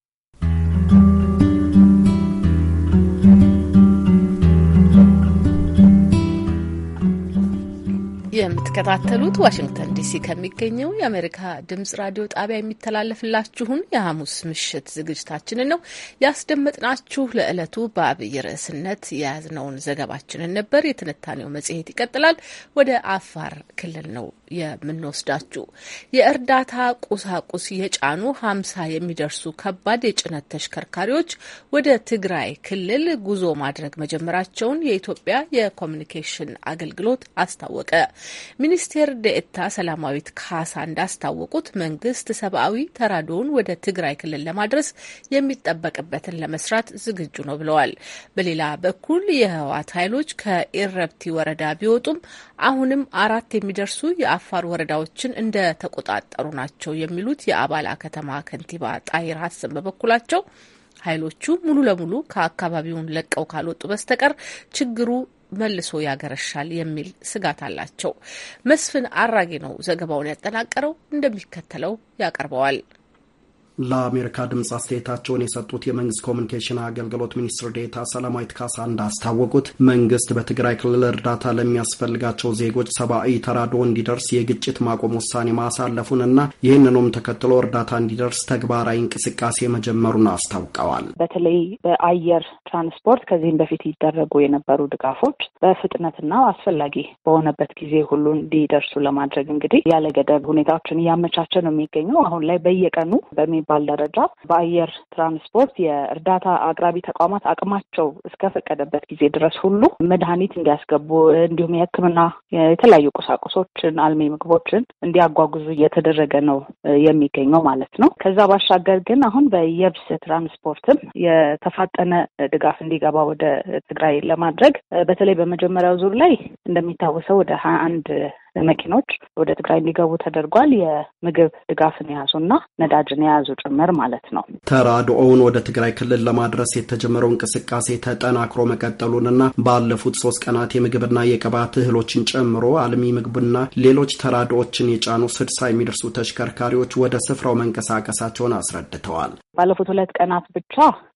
የምትከታተሉት ዋሽንግተን ዲሲ ከሚገኘው የአሜሪካ ድምጽ ራዲዮ ጣቢያ የሚተላለፍላችሁን የሐሙስ ምሽት ዝግጅታችንን ነው ያስደመጥናችሁ። ለዕለቱ በአብይ ርዕስነት የያዝነውን ዘገባችንን ነበር። የትንታኔው መጽሔት ይቀጥላል። ወደ አፋር ክልል ነው የምንወስዳችሁ። የእርዳታ ቁሳቁስ የጫኑ ሀምሳ የሚደርሱ ከባድ የጭነት ተሽከርካሪዎች ወደ ትግራይ ክልል ጉዞ ማድረግ መጀመራቸውን የኢትዮጵያ የኮሚኒኬሽን አገልግሎት አስታወቀ። ሚኒስቴር ደኤታ ሰላማዊት ካሳ እንዳስታወቁት መንግስት ሰብአዊ ተራድኦን ወደ ትግራይ ክልል ለማድረስ የሚጠበቅበትን ለመስራት ዝግጁ ነው ብለዋል። በሌላ በኩል የህወሓት ኃይሎች ከኢረብቲ ወረዳ ቢወጡም አሁንም አራት የሚደርሱ የአፋር ወረዳዎችን እንደተቆጣጠሩ ናቸው የሚሉት የአባላ ከተማ ከንቲባ ጣይር ሀሰን በበኩላቸው ኃይሎቹ ሙሉ ለሙሉ ከአካባቢውን ለቀው ካልወጡ በስተቀር ችግሩ መልሶ ያገረሻል የሚል ስጋት አላቸው። መስፍን አራጌ ነው ዘገባውን ያጠናቀረው፣ እንደሚከተለው ያቀርበዋል። ለአሜሪካ ድምፅ አስተያየታቸውን የሰጡት የመንግስት ኮሚኒኬሽን አገልግሎት ሚኒስትር ዴታ ሰላማዊት ካሳ እንዳስታወቁት መንግስት በትግራይ ክልል እርዳታ ለሚያስፈልጋቸው ዜጎች ሰብአዊ ተራድኦ እንዲደርስ የግጭት ማቆም ውሳኔ ማሳለፉንና ይህንኑም ተከትሎ እርዳታ እንዲደርስ ተግባራዊ እንቅስቃሴ መጀመሩን አስታውቀዋል። በተለይ በአየር ትራንስፖርት ከዚህም በፊት ይደረጉ የነበሩ ድጋፎች በፍጥነትና አስፈላጊ በሆነበት ጊዜ ሁሉ እንዲደርሱ ለማድረግ እንግዲህ ያለ ገደብ ሁኔታዎችን እያመቻቸ ነው የሚገኘው። አሁን ላይ በየቀኑ በሚ በሚባል ደረጃ በአየር ትራንስፖርት የእርዳታ አቅራቢ ተቋማት አቅማቸው እስከፈቀደበት ጊዜ ድረስ ሁሉ መድኃኒት እንዲያስገቡ እንዲሁም የሕክምና የተለያዩ ቁሳቁሶችን አልሚ ምግቦችን እንዲያጓጉዙ እየተደረገ ነው የሚገኘው ማለት ነው። ከዛ ባሻገር ግን አሁን በየብስ ትራንስፖርትም የተፋጠነ ድጋፍ እንዲገባ ወደ ትግራይ ለማድረግ በተለይ በመጀመሪያው ዙር ላይ እንደሚታወሰው ወደ ሀያ አንድ መኪኖች ወደ ትግራይ እንዲገቡ ተደርጓል። የምግብ ድጋፍን የያዙ ነዳጅን የያዙ ጭምር ማለት ነው። ተራድኦውን ወደ ትግራይ ክልል ለማድረስ የተጀመረው እንቅስቃሴ ተጠናክሮ መቀጠሉንና ባለፉት ሶስት ቀናት የምግብና የቅባት እህሎችን ጨምሮ አልሚ ምግብና ሌሎች ተራድኦችን የጫኑ ስድሳ የሚደርሱ ተሽከርካሪዎች ወደ ስፍራው መንቀሳቀሳቸውን አስረድተዋል። ባለፉት ሁለት ቀናት ብቻ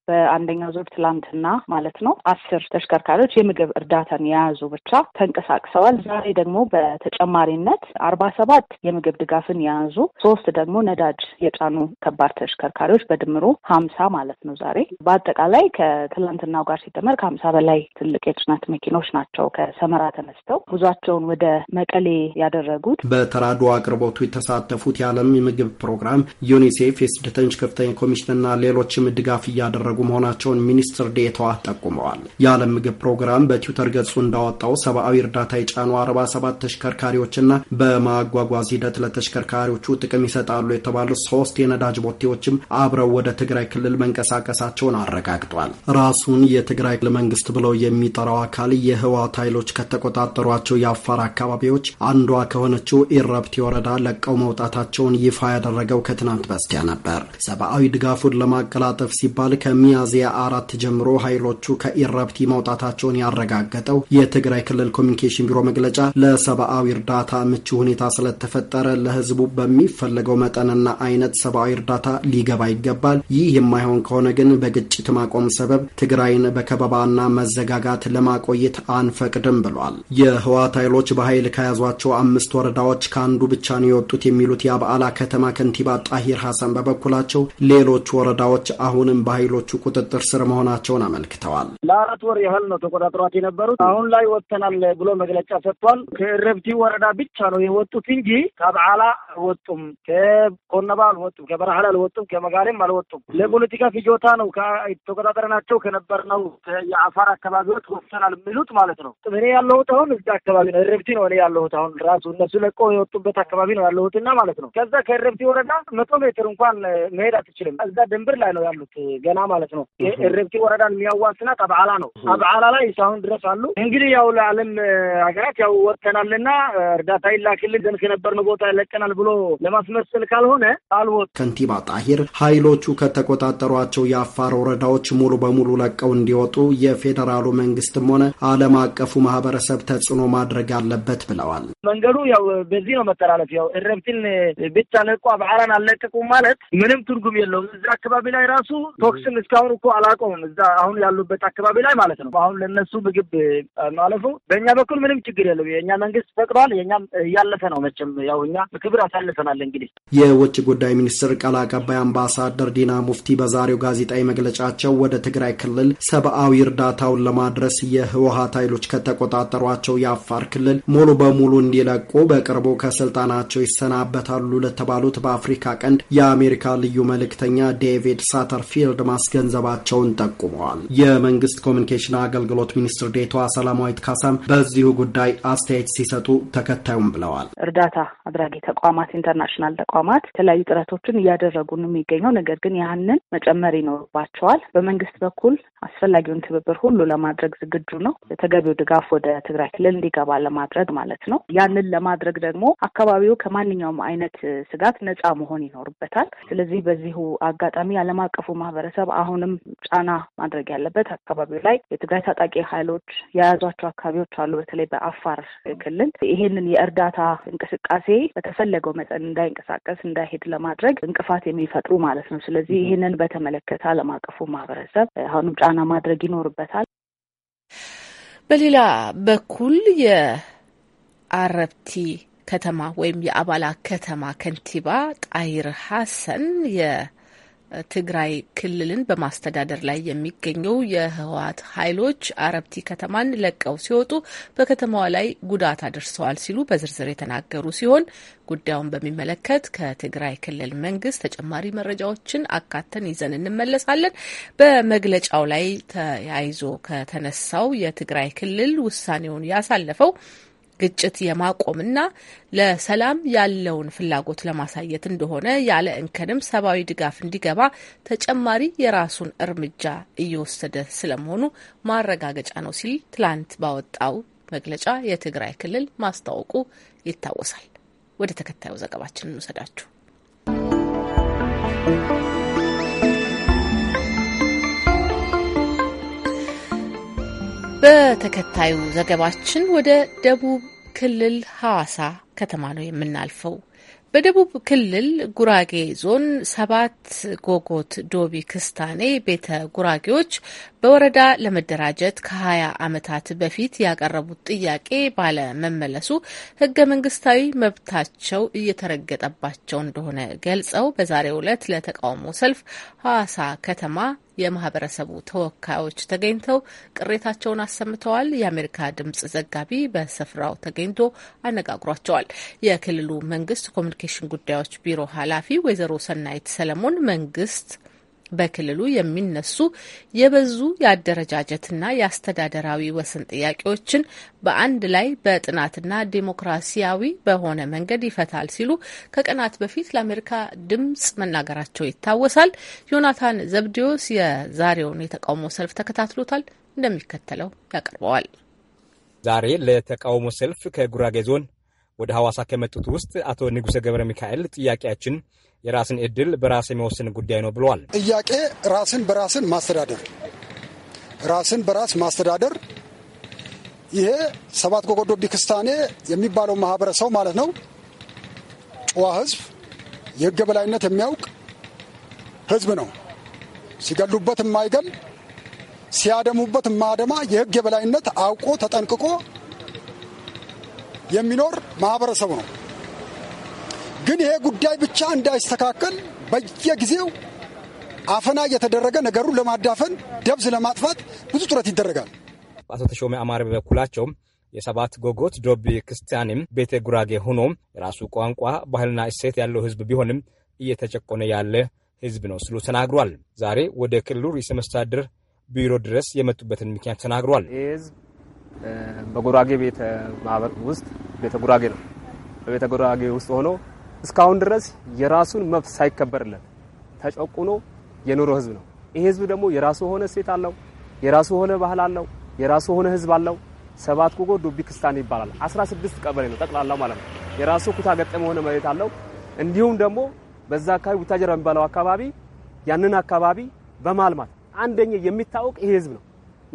በአንደኛው ዙር ትላንትና ማለት ነው አስር ተሽከርካሪዎች የምግብ እርዳታን የያዙ ብቻ ተንቀሳቅሰዋል። ዛሬ ደግሞ በተጨማሪነት አርባ ሰባት የምግብ ድጋፍን የያዙ ሶስት ደግሞ ነዳጅ የጫኑ ከባድ ተሽከርካሪዎች በድምሩ ሀምሳ ማለት ነው ዛሬ በአጠቃላይ ከትላንትናው ጋር ሲደመር ከሀምሳ በላይ ትልቅ የጭነት መኪኖች ናቸው ከሰመራ ተነስተው ጉዟቸውን ወደ መቀሌ ያደረጉት። በተራድኦ አቅርቦቱ የተሳተፉት የዓለም የምግብ ፕሮግራም ዩኒሴፍ፣ የስደተኞች ከፍተኛ ኮሚሽንና ሌሎችም ድጋፍ እያደረጉ የሚያደርጉ መሆናቸውን ሚኒስትር ዴታዋ ጠቁመዋል። የዓለም ምግብ ፕሮግራም በትዊተር ገጹ እንዳወጣው ሰብአዊ እርዳታ የጫኑ 47 ተሽከርካሪዎችና በማጓጓዝ ሂደት ለተሽከርካሪዎቹ ጥቅም ይሰጣሉ የተባሉ ሶስት የነዳጅ ቦቴዎችም አብረው ወደ ትግራይ ክልል መንቀሳቀሳቸውን አረጋግጧል። ራሱን የትግራይ መንግስት ብለው የሚጠራው አካል የህወሓት ኃይሎች ከተቆጣጠሯቸው የአፋር አካባቢዎች አንዷ ከሆነችው ኢረብቲ ወረዳ ለቀው መውጣታቸውን ይፋ ያደረገው ከትናንት በስቲያ ነበር። ሰብአዊ ድጋፉን ለማቀላጠፍ ሲባል ከሚ ከሚያዝያ አራት ጀምሮ ኃይሎቹ ከኢረብቲ መውጣታቸውን ያረጋገጠው የትግራይ ክልል ኮሚኒኬሽን ቢሮ መግለጫ ለሰብአዊ እርዳታ ምቹ ሁኔታ ስለተፈጠረ ለህዝቡ በሚፈለገው መጠንና አይነት ሰብአዊ እርዳታ ሊገባ ይገባል። ይህ የማይሆን ከሆነ ግን በግጭት ማቆም ሰበብ ትግራይን በከበባና መዘጋጋት ለማቆየት አንፈቅድም ብሏል። የህወሓት ኃይሎች በኃይል ከያዟቸው አምስት ወረዳዎች ከአንዱ ብቻ ነው የወጡት የሚሉት የአብዓላ ከተማ ከንቲባ ጣሂር ሐሰን በበኩላቸው ሌሎች ወረዳዎች አሁንም በኃይሎቹ ቁጥጥር ስር መሆናቸውን አመልክተዋል። ለአራት ወር ያህል ነው ተቆጣጥሯት የነበሩት። አሁን ላይ ወጥተናል ብሎ መግለጫ ሰጥቷል። ከእረብቲ ወረዳ ብቻ ነው የወጡት እንጂ ከበዓላ አልወጡም፣ ከኮነባ አልወጡም፣ ከበረሃል አልወጡም፣ ከመጋሌም አልወጡም። ለፖለቲካ ፍጆታ ነው ተቆጣጠረናቸው ከነበር ነው የአፋር አካባቢዎች ወጥተናል የሚሉት ማለት ነው። እኔ ያለሁት አሁን እዛ አካባቢ ነው፣ እረብቲ ነው እኔ ያለሁት አሁን ራሱ እነሱ ለቆ የወጡበት አካባቢ ነው ያለሁትና ማለት ነው። ከዛ ከእረብቲ ወረዳ መቶ ሜትር እንኳን መሄድ አትችልም። እዛ ድንብር ላይ ነው ያሉት ገና ማለት ነው። ማለት ነው። እረብቲ ወረዳን የሚያዋስናት አብዓላ ነው። አብዓላ ላይ እስካሁን ድረስ አሉ። እንግዲህ ያው ለዓለም ሀገራት ያው ወጥተናልና እርዳታ ይላክልን ዘንድ ከነበርነው ቦታ ይለቀናል ብሎ ለማስመሰል ካልሆነ አልወጥ ከንቲባ ጣሂር ኃይሎቹ ከተቆጣጠሯቸው የአፋር ወረዳዎች ሙሉ በሙሉ ለቀው እንዲወጡ የፌዴራሉ መንግስትም ሆነ ዓለም አቀፉ ማህበረሰብ ተጽዕኖ ማድረግ አለበት ብለዋል። መንገዱ ያው በዚህ ነው መተላለፍ። ያው እረብትን ብቻ ለቁ አብዓላን አልለቀቁም ማለት ምንም ትርጉም የለውም። እዛ አካባቢ ላይ ራሱ ቶክስን እስከ ብቻውን እኮ አላውቀውም። እዛ አሁን ያሉበት አካባቢ ላይ ማለት ነው። አሁን ለነሱ ምግብ ማለፉ በእኛ በኩል ምንም ችግር የለም። የእኛ መንግስት ፈቅዷል። የእኛም እያለፈ ነው። መቼም ያው እኛ በክብር አሳልፈናል። እንግዲህ የውጭ ጉዳይ ሚኒስትር ቃል አቀባይ አምባሳደር ዲና ሙፍቲ በዛሬው ጋዜጣዊ መግለጫቸው ወደ ትግራይ ክልል ሰብአዊ እርዳታውን ለማድረስ የህወሀት ኃይሎች ከተቆጣጠሯቸው የአፋር ክልል ሙሉ በሙሉ እንዲለቁ በቅርቡ ከስልጣናቸው ይሰናበታሉ ለተባሉት በአፍሪካ ቀንድ የአሜሪካ ልዩ መልእክተኛ ዴቪድ ሳተርፊልድ ማስገ መገንዘባቸውን ጠቁመዋል። የመንግስት ኮሚኒኬሽን አገልግሎት ሚኒስትር ዴቷ ሰላማዊት ካሳም በዚሁ ጉዳይ አስተያየት ሲሰጡ ተከታዩም ብለዋል። እርዳታ አድራጊ ተቋማት፣ ኢንተርናሽናል ተቋማት የተለያዩ ጥረቶችን እያደረጉ ነው የሚገኘው። ነገር ግን ያህንን መጨመር ይኖርባቸዋል። በመንግስት በኩል አስፈላጊውን ትብብር ሁሉ ለማድረግ ዝግጁ ነው። ተገቢው ድጋፍ ወደ ትግራይ ክልል እንዲገባ ለማድረግ ማለት ነው። ያንን ለማድረግ ደግሞ አካባቢው ከማንኛውም አይነት ስጋት ነጻ መሆን ይኖርበታል። ስለዚህ በዚሁ አጋጣሚ ዓለም አቀፉ ማህበረሰብ አሁን አሁንም ጫና ማድረግ ያለበት አካባቢው ላይ የትግራይ ታጣቂ ኃይሎች የያዟቸው አካባቢዎች አሉ። በተለይ በአፋር ክልል ይሄንን የእርዳታ እንቅስቃሴ በተፈለገው መጠን እንዳይንቀሳቀስ እንዳይሄድ ለማድረግ እንቅፋት የሚፈጥሩ ማለት ነው። ስለዚህ ይህንን በተመለከተ ዓለም አቀፉ ማህበረሰብ አሁንም ጫና ማድረግ ይኖርበታል። በሌላ በኩል የአረብቲ ከተማ ወይም የአባላ ከተማ ከንቲባ ጣይር ሀሰን ትግራይ ክልልን በማስተዳደር ላይ የሚገኘው የህወሓት ኃይሎች አረብቲ ከተማን ለቀው ሲወጡ በከተማዋ ላይ ጉዳት አድርሰዋል ሲሉ በዝርዝር የተናገሩ ሲሆን ጉዳዩን በሚመለከት ከትግራይ ክልል መንግስት ተጨማሪ መረጃዎችን አካተን ይዘን እንመለሳለን። በመግለጫው ላይ ተያይዞ ከተነሳው የትግራይ ክልል ውሳኔውን ያሳለፈው ግጭት የማቆምና ለሰላም ያለውን ፍላጎት ለማሳየት እንደሆነ ያለ እንከንም ሰብአዊ ድጋፍ እንዲገባ ተጨማሪ የራሱን እርምጃ እየወሰደ ስለመሆኑ ማረጋገጫ ነው ሲል ትላንት ባወጣው መግለጫ የትግራይ ክልል ማስታወቁ ይታወሳል። ወደ ተከታዩ ዘገባችን እንውሰዳችሁ። በተከታዩ ዘገባችን ወደ ደቡብ ክልል ሐዋሳ ከተማ ነው የምናልፈው። በደቡብ ክልል ጉራጌ ዞን ሰባት ጎጎት ዶቢ ክስታኔ ቤተ ጉራጌዎች በወረዳ ለመደራጀት ከ20 ዓመታት በፊት ያቀረቡት ጥያቄ ባለመመለሱ ህገ መንግስታዊ መብታቸው እየተረገጠባቸው እንደሆነ ገልጸው በዛሬው ዕለት ለተቃውሞ ሰልፍ ሐዋሳ ከተማ የማህበረሰቡ ተወካዮች ተገኝተው ቅሬታቸውን አሰምተዋል። የአሜሪካ ድምጽ ዘጋቢ በስፍራው ተገኝቶ አነጋግሯቸዋል። የክልሉ መንግስት ኮሚኒኬሽን ጉዳዮች ቢሮ ኃላፊ ወይዘሮ ሰናይት ሰለሞን መንግስት በክልሉ የሚነሱ የበዙ የአደረጃጀትና የአስተዳደራዊ ወሰን ጥያቄዎችን በአንድ ላይ በጥናትና ዴሞክራሲያዊ በሆነ መንገድ ይፈታል ሲሉ ከቀናት በፊት ለአሜሪካ ድምጽ መናገራቸው ይታወሳል። ዮናታን ዘብዲዮስ የዛሬውን የተቃውሞ ሰልፍ ተከታትሎታል፣ እንደሚከተለው ያቀርበዋል። ዛሬ ለተቃውሞ ሰልፍ ከጉራጌ ዞን ወደ ሐዋሳ ከመጡት ውስጥ አቶ ንጉሰ ገብረ ሚካኤል ጥያቄያችን የራስን እድል በራስ የመወሰን ጉዳይ ነው ብለዋል። ጥያቄ ራስን በራስን ማስተዳደር ራስን በራስ ማስተዳደር ይሄ ሰባት ጎጎዶ ዲክስታኔ የሚባለው ማህበረሰብ ማለት ነው። ጨዋ ህዝብ፣ የህገ በላይነት የሚያውቅ ህዝብ ነው። ሲገሉበት የማይገል ሲያደሙበት የማያደማ የህግ የበላይነት አውቆ ተጠንቅቆ የሚኖር ማህበረሰቡ ነው። ግን ይሄ ጉዳይ ብቻ እንዳይስተካከል በየጊዜው አፈና እየተደረገ ነገሩን ለማዳፈን ደብዝ ለማጥፋት ብዙ ጥረት ይደረጋል። አቶ ተሾመ አማር በበኩላቸው የሰባት ጎጎት ዶቢ ክርስቲያንም ቤተ ጉራጌ ሆኖ የራሱ ቋንቋ፣ ባህልና እሴት ያለው ህዝብ ቢሆንም እየተጨቆነ ያለ ህዝብ ነው ስሉ ተናግሯል። ዛሬ ወደ ክልሉ ርዕሰ መስተዳድር ቢሮ ድረስ የመጡበትን ምክንያት ተናግሯል። ህዝብ በጉራጌ ቤተ ማህበር ውስጥ ቤተ ጉራጌ ነው። በቤተ ጉራጌ ውስጥ ሆኖ እስካሁን ድረስ የራሱን መብት ሳይከበርለት ተጨቁኖ የኖረ ህዝብ ነው። ይሄ ህዝብ ደግሞ የራሱ የሆነ እሴት አለው፣ የራሱ የሆነ ባህል አለው፣ የራሱ የሆነ ህዝብ አለው። ሰባት ኩጎ ዶቢ ክስታን ይባላል። 16 ቀበሌ ነው ጠቅላላው ማለት ነው። የራሱ ኩታ ገጠም የሆነ መሬት አለው። እንዲሁም ደግሞ በዛ አካባቢ ቡታጀራ የሚባለው አካባቢ ያንን አካባቢ በማልማት አንደኛ የሚታወቅ ይሄ ህዝብ ነው።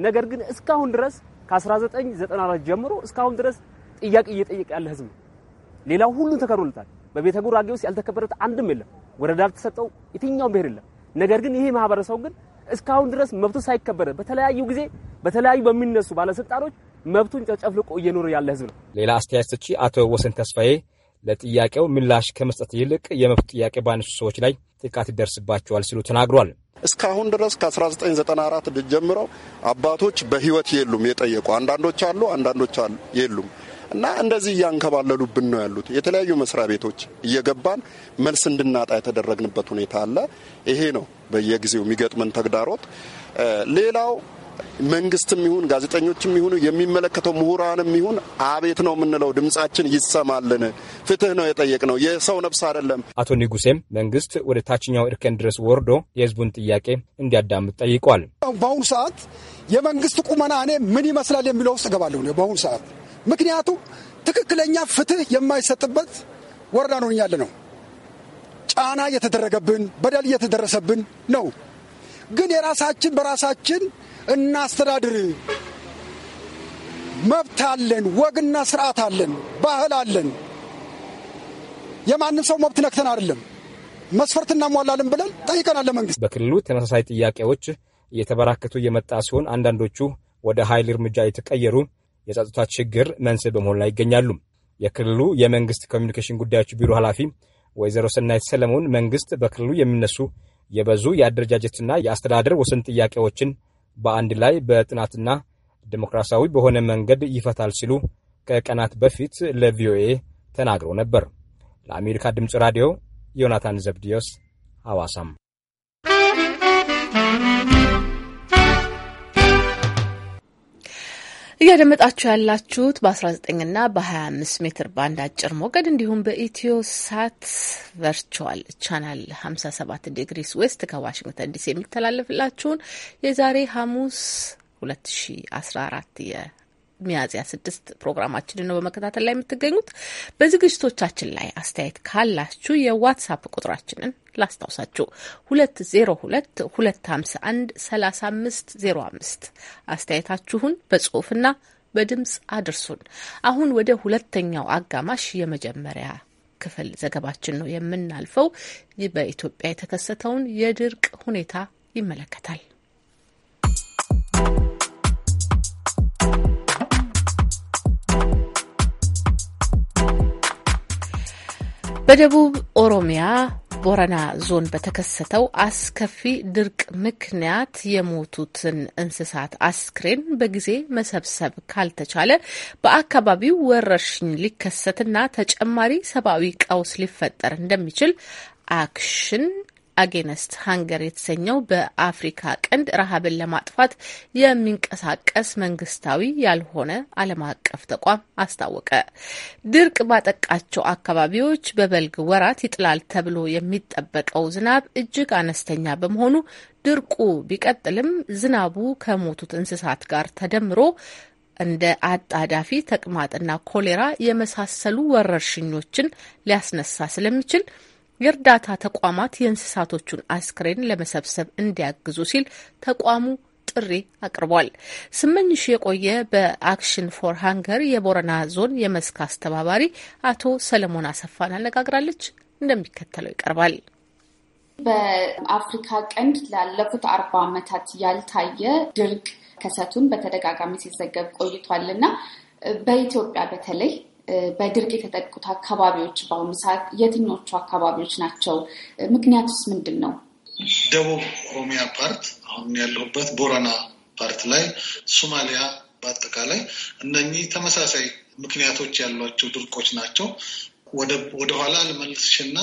ነገር ግን እስካሁን ድረስ ከ1994 ጀምሮ እስካሁን ድረስ ጥያቄ እየጠየቀ ያለ ህዝብ ነው። ሌላው ሁሉን ተከብሮለታል። በቤተ ጉራጌ ውስጥ ያልተከበረት አንድም የለም። ወረዳ ተሰጠው የትኛውም ብሄር የለም። ነገር ግን ይሄ ማህበረሰቡ ግን እስካሁን ድረስ መብቱ ሳይከበረ በተለያዩ ጊዜ በተለያዩ በሚነሱ ባለስልጣኖች መብቱን ተጨፍልቆ እየኖረ ያለ ህዝብ ነው። ሌላ አስተያየት ሰጪ አቶ ወሰን ተስፋዬ ለጥያቄው ምላሽ ከመስጠት ይልቅ የመብት ጥያቄ ባነሱ ሰዎች ላይ ጥቃት ይደርስባቸዋል ሲሉ ተናግሯል። እስካሁን ድረስ ከ1994 ጀምሮ አባቶች በህይወት የሉም የጠየቁ አንዳንዶች አሉ፣ አንዳንዶች የሉም እና እንደዚህ እያንከባለሉብን ነው ያሉት። የተለያዩ መስሪያ ቤቶች እየገባን መልስ እንድናጣ የተደረግንበት ሁኔታ አለ። ይሄ ነው በየጊዜው የሚገጥመን ተግዳሮት። ሌላው መንግስትም ይሁን ጋዜጠኞችም ይሁን የሚመለከተው ምሁራንም ይሁን አቤት ነው የምንለው። ድምጻችን ይሰማልን። ፍትህ ነው የጠየቅነው፣ የሰው ነፍስ አይደለም። አቶ ኒጉሴም መንግስት ወደ ታችኛው እርከን ድረስ ወርዶ የህዝቡን ጥያቄ እንዲያዳምጥ ጠይቋል። በአሁኑ ሰዓት የመንግስት ቁመና እኔ ምን ይመስላል የሚለው ውስጥ እገባለሁ በአሁኑ ሰዓት ምክንያቱም ትክክለኛ ፍትህ የማይሰጥበት ወረዳ ነው ያለ ነው። ጫና እየተደረገብን በደል እየተደረሰብን ነው። ግን የራሳችን በራሳችን እናስተዳድር። መብት አለን፣ ወግና ስርዓት አለን፣ ባህል አለን። የማንም ሰው መብት ነክተን አይደለም። መስፈርት እናሟላለን ብለን ጠይቀናል ለመንግስት። በክልሉ ተመሳሳይ ጥያቄዎች እየተበራከቱ የመጣ ሲሆን አንዳንዶቹ ወደ ኃይል እርምጃ የተቀየሩ የጸጥታ ችግር መንስኤ በመሆን ላይ ይገኛሉ። የክልሉ የመንግስት ኮሚኒኬሽን ጉዳዮች ቢሮ ኃላፊ ወይዘሮ ሰናይት ሰለሞን መንግስት በክልሉ የሚነሱ የበዙ የአደረጃጀትና የአስተዳደር ወሰን ጥያቄዎችን በአንድ ላይ በጥናትና ዴሞክራሲያዊ በሆነ መንገድ ይፈታል ሲሉ ከቀናት በፊት ለቪኦኤ ተናግረው ነበር። ለአሜሪካ ድምፅ ራዲዮ ዮናታን ዘብዲዮስ ሐዋሳም እያደመጣችሁ ያላችሁት በ19ና በ25 ሜትር ባንድ አጭር ሞገድ እንዲሁም በኢትዮ ሳት ቨርቹዋል ቻናል 57 ዲግሪስ ዌስት ከዋሽንግተን ዲሲ የሚተላለፍላችሁን የዛሬ ሐሙስ 2014 የ ሚያዝያ ስድስት ፕሮግራማችንን ነው በመከታተል ላይ የምትገኙት። በዝግጅቶቻችን ላይ አስተያየት ካላችሁ የዋትሳፕ ቁጥራችንን ላስታውሳችሁ፣ ሁለት ዜሮ ሁለት ሁለት ሀምሳ አንድ ሰላሳ አምስት ዜሮ አምስት አስተያየታችሁን በጽሁፍና በድምፅ አድርሱን። አሁን ወደ ሁለተኛው አጋማሽ የመጀመሪያ ክፍል ዘገባችን ነው የምናልፈው። በኢትዮጵያ የተከሰተውን የድርቅ ሁኔታ ይመለከታል። በደቡብ ኦሮሚያ ቦረና ዞን በተከሰተው አስከፊ ድርቅ ምክንያት የሞቱትን እንስሳት አስክሬን በጊዜ መሰብሰብ ካልተቻለ በአካባቢው ወረርሽኝ ሊከሰትና ተጨማሪ ሰብአዊ ቀውስ ሊፈጠር እንደሚችል አክሽን አጌነስት ሀንገር የተሰኘው በአፍሪካ ቀንድ ረሃብን ለማጥፋት የሚንቀሳቀስ መንግስታዊ ያልሆነ ዓለም አቀፍ ተቋም አስታወቀ። ድርቅ ባጠቃቸው አካባቢዎች በበልግ ወራት ይጥላል ተብሎ የሚጠበቀው ዝናብ እጅግ አነስተኛ በመሆኑ ድርቁ ቢቀጥልም ዝናቡ ከሞቱት እንስሳት ጋር ተደምሮ እንደ አጣዳፊ ተቅማጥና ኮሌራ የመሳሰሉ ወረርሽኞችን ሊያስነሳ ስለሚችል የእርዳታ ተቋማት የእንስሳቶቹን አስክሬን ለመሰብሰብ እንዲያግዙ ሲል ተቋሙ ጥሪ አቅርቧል። ስመኝሽ የቆየ በአክሽን ፎር ሃንገር የቦረና ዞን የመስክ አስተባባሪ አቶ ሰለሞን አሰፋን አነጋግራለች። እንደሚከተለው ይቀርባል። በአፍሪካ ቀንድ ላለፉት አርባ ዓመታት ያልታየ ድርቅ ከሰቱን በተደጋጋሚ ሲዘገብ ቆይቷል እና በኢትዮጵያ በተለይ በድርቅ የተጠቁት አካባቢዎች በአሁኑ ሰዓት የትኞቹ አካባቢዎች ናቸው? ምክንያቱስ ምንድን ነው? ደቡብ ኦሮሚያ ፓርት አሁን ያለሁበት ቦረና ፓርት ላይ፣ ሶማሊያ በአጠቃላይ እነኚህ ተመሳሳይ ምክንያቶች ያሏቸው ድርቆች ናቸው። ወደኋላ ልመልስሽና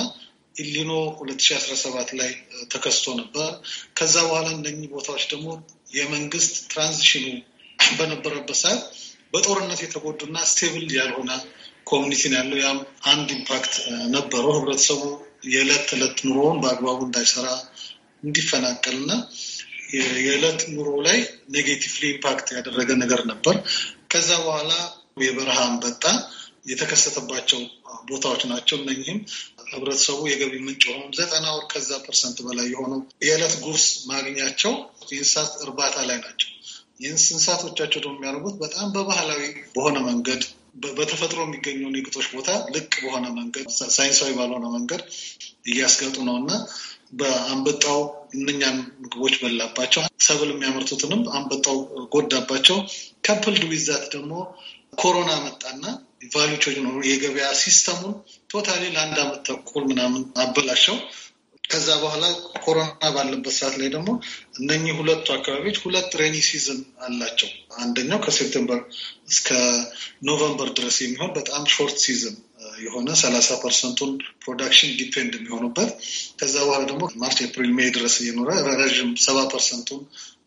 ኢሊኖ 2017 ላይ ተከስቶ ነበር። ከዛ በኋላ እነኚህ ቦታዎች ደግሞ የመንግስት ትራንዚሽኑ በነበረበት ሰዓት በጦርነት የተጎዱና ስቴብል ያልሆነ ኮሚኒቲን ያለው ያም አንድ ኢምፓክት ነበረው። ህብረተሰቡ የዕለት ዕለት ኑሮውን በአግባቡ እንዳይሰራ እንዲፈናቀልና የዕለት ኑሮ ላይ ኔጌቲቭሊ ኢምፓክት ያደረገ ነገር ነበር። ከዛ በኋላ የበረሃ አንበጣ የተከሰተባቸው ቦታዎች ናቸው። እነህም ህብረተሰቡ የገቢ ምንጭ የሆኑ ዘጠና ወር ከዛ ፐርሰንት በላይ የሆነው የዕለት ጉርስ ማግኛቸው የእንስሳት እርባታ ላይ ናቸው። የእንስሳቶቻቸው ደግሞ የሚያደርጉት በጣም በባህላዊ በሆነ መንገድ በተፈጥሮ የሚገኙ የግጦሽ ቦታ ልቅ በሆነ መንገድ ሳይንሳዊ ባልሆነ መንገድ እያስገጡ ነው እና በአንበጣው እነኛን ምግቦች በላባቸው፣ ሰብል የሚያመርቱትንም አንበጣው ጎዳባቸው። ከፕልድ ዊዛት ደግሞ ኮሮና መጣና ቫሉ የገበያ ሲስተሙን ቶታሊ ለአንድ አመት ተኩል ምናምን አበላሸው። ከዛ በኋላ ኮሮና ባለበት ሰዓት ላይ ደግሞ እነኚህ ሁለቱ አካባቢዎች ሁለት ሬኒ ሲዝን አላቸው። አንደኛው ከሴፕቴምበር እስከ ኖቨምበር ድረስ የሚሆን በጣም ሾርት ሲዝን የሆነ ሰላሳ ፐርሰንቱን ፕሮዳክሽን ዲፔንድ የሚሆኑበት ከዛ በኋላ ደግሞ ማርች፣ ኤፕሪል፣ ሜይ ድረስ እየኖረ ረዥም ሰባ ፐርሰንቱን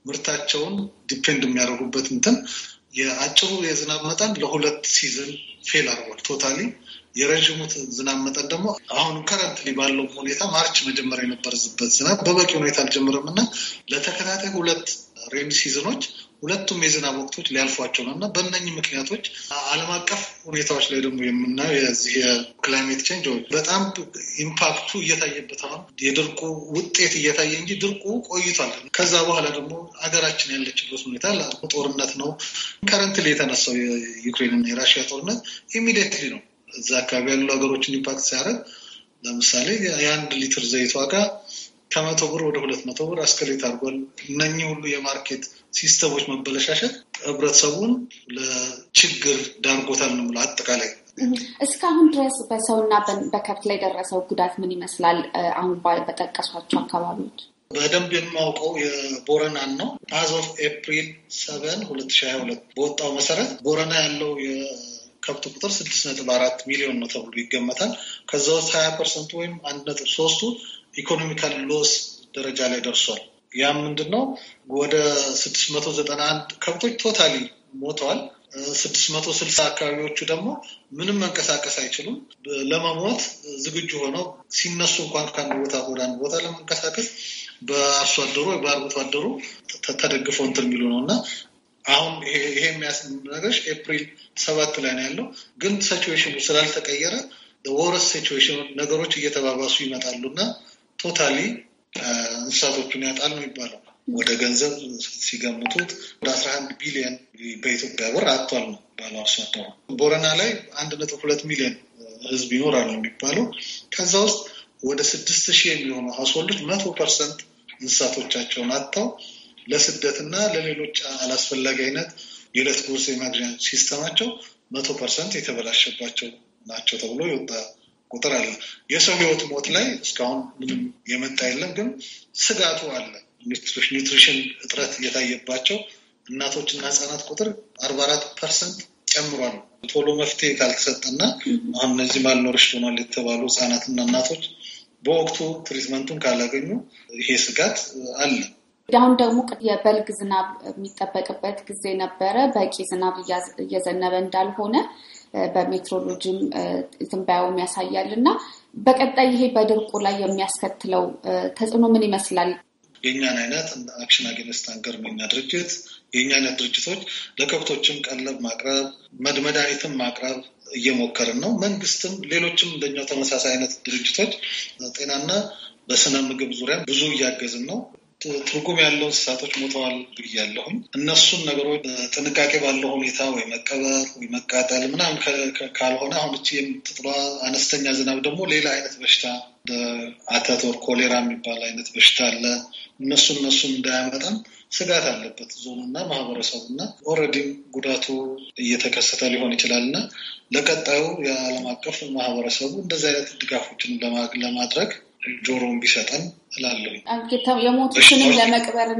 ምርታቸውን ዲፔንድ የሚያደርጉበት እንትን የአጭሩ የዝናብ መጠን ለሁለት ሲዝን ፌል አርጓል ቶታሊ የረዥሙ ዝናብ መጠን ደግሞ አሁን ከረንትሊ ባለው ሁኔታ ማርች መጀመሪያ የነበረበት ዝናብ በበቂ ሁኔታ አልጀምርም እና ለተከታታይ ሁለት ሬን ሲዝኖች ሁለቱም የዝናብ ወቅቶች ሊያልፏቸው ነው እና በእነኚህ ምክንያቶች ዓለም አቀፍ ሁኔታዎች ላይ ደግሞ የምናየው የዚህ የክላይሜት ቼንጅ በጣም ኢምፓክቱ እየታየበት አሁን የድርቁ ውጤት እየታየ እንጂ ድርቁ ቆይቷል። ከዛ በኋላ ደግሞ አገራችን ያለችበት ሁኔታ ጦርነት ነው። ከረንትሊ የተነሳው የዩክሬንና የራሽያ ጦርነት ኢሚዲየትሊ ነው እዛ አካባቢ ያሉ ሀገሮችን ኢምፓክት ሲያደርግ ለምሳሌ የአንድ ሊትር ዘይት ዋጋ ከመቶ ብር ወደ ሁለት መቶ ብር አስከሌት አድርጓል። እነኚህ ሁሉ የማርኬት ሲስተሞች መበለሻሸት ህብረተሰቡን ለችግር ዳርጎታል ነው የምለው አጠቃላይ። እስካሁን ድረስ በሰውና በከብት ላይ ደረሰው ጉዳት ምን ይመስላል? አሁን በጠቀሷቸው አካባቢዎች በደንብ የማውቀው የቦረናን ነው። አዝ ኦፍ ኤፕሪል ሰቨን ሁለት ሺህ ሀያ ሁለት በወጣው መሰረት ቦረና ያለው ከብት ቁጥር ስድስት ነጥብ አራት ሚሊዮን ነው ተብሎ ይገመታል። ከዛ ውስጥ ሀያ ፐርሰንቱ ወይም አንድ ነጥብ ሶስቱ ኢኮኖሚካል ሎስ ደረጃ ላይ ደርሷል። ያም ምንድን ነው ወደ ስድስት መቶ ዘጠና አንድ ከብቶች ቶታሊ ሞተዋል። ስድስት መቶ ስልሳ አካባቢዎቹ ደግሞ ምንም መንቀሳቀስ አይችሉም። ለመሞት ዝግጁ ሆነው ሲነሱ እንኳን ከአንድ ቦታ ወደ አንድ ቦታ ለመንቀሳቀስ በአርሶ አደሩ ወይ በአርብቶ አደሩ ተደግፈው እንትን የሚሉ ነው እና አሁን ይሄ የሚያስነረሽ ኤፕሪል ሰባት ላይ ነው ያለው። ግን ሲቹዌሽኑ ስላልተቀየረ ወረስ ሲቹዌሽን ነገሮች እየተባባሱ ይመጣሉ እና ቶታሊ uh, እንስሳቶቹን ያጣል ነው የሚባለው። ወደ ገንዘብ ሲገምቱት ወደ አስራ አንድ ቢሊዮን በኢትዮጵያ ብር አጥቷል ነው ባለው አርሶ ቦረና ላይ አንድ ነጥብ ሁለት ሚሊዮን ህዝብ ይኖራል ነው የሚባለው። ከዛ ውስጥ ወደ ስድስት ሺህ የሚሆኑ ሀውስሆልዶች መቶ ፐርሰንት እንስሳቶቻቸውን አጥተው ለስደትና ለሌሎች አላስፈላጊ አይነት የዕለት ጉርስ የማግኛ ሲስተማቸው መቶ ፐርሰንት የተበላሸባቸው ናቸው ተብሎ የወጣ ቁጥር አለ። የሰው ህይወት ሞት ላይ እስካሁን ምንም የመጣ የለም፣ ግን ስጋቱ አለ። ኒውትሪሽን እጥረት የታየባቸው እናቶችና ህጻናት ቁጥር አርባ አራት ፐርሰንት ጨምሯል። ቶሎ መፍትሄ ካልተሰጠና አሁን እነዚህ ማልኖርሽ ሆኗል የተባሉ ህጻናትና እናቶች በወቅቱ ትሪትመንቱን ካላገኙ ይሄ ስጋት አለ። አሁን ደግሞ የበልግ ዝናብ የሚጠበቅበት ጊዜ ነበረ። በቂ ዝናብ እየዘነበ እንዳልሆነ በሜትሮሎጂም ትንበያውም ያሳያል እና በቀጣይ ይሄ በድርቁ ላይ የሚያስከትለው ተጽዕኖ ምን ይመስላል? የእኛን አይነት አክሽን አጌንስት አንገር የሚና ድርጅት የእኛ አይነት ድርጅቶች ለከብቶችም ቀለብ ማቅረብ መድኃኒትም ማቅረብ እየሞከርን ነው። መንግስትም ሌሎችም እንደኛው ተመሳሳይ አይነት ድርጅቶች ጤናና በስነ ምግብ ዙሪያ ብዙ እያገዝን ነው። ትርጉም ያለው እንስሳቶች ሞተዋል ብያለሁም። እነሱን ነገሮች ጥንቃቄ ባለው ሁኔታ ወይ መቀበር ወይ መቃጠል ምናምን ካልሆነ አሁን እቺ የምትጥሏ አነስተኛ ዝናብ ደግሞ ሌላ አይነት በሽታ አተት ወር ኮሌራ የሚባል አይነት በሽታ አለ። እነሱ እነሱን እንዳያመጣም ስጋት አለበት ዞኑና ማህበረሰቡና ኦልሬዲም ጉዳቱ እየተከሰተ ሊሆን ይችላል እና ለቀጣዩ የዓለም አቀፍ ማህበረሰቡ እንደዚህ አይነት ድጋፎችን ለማድረግ ጆሮን ቢሰጠን እላለሁ። የሞቱትንም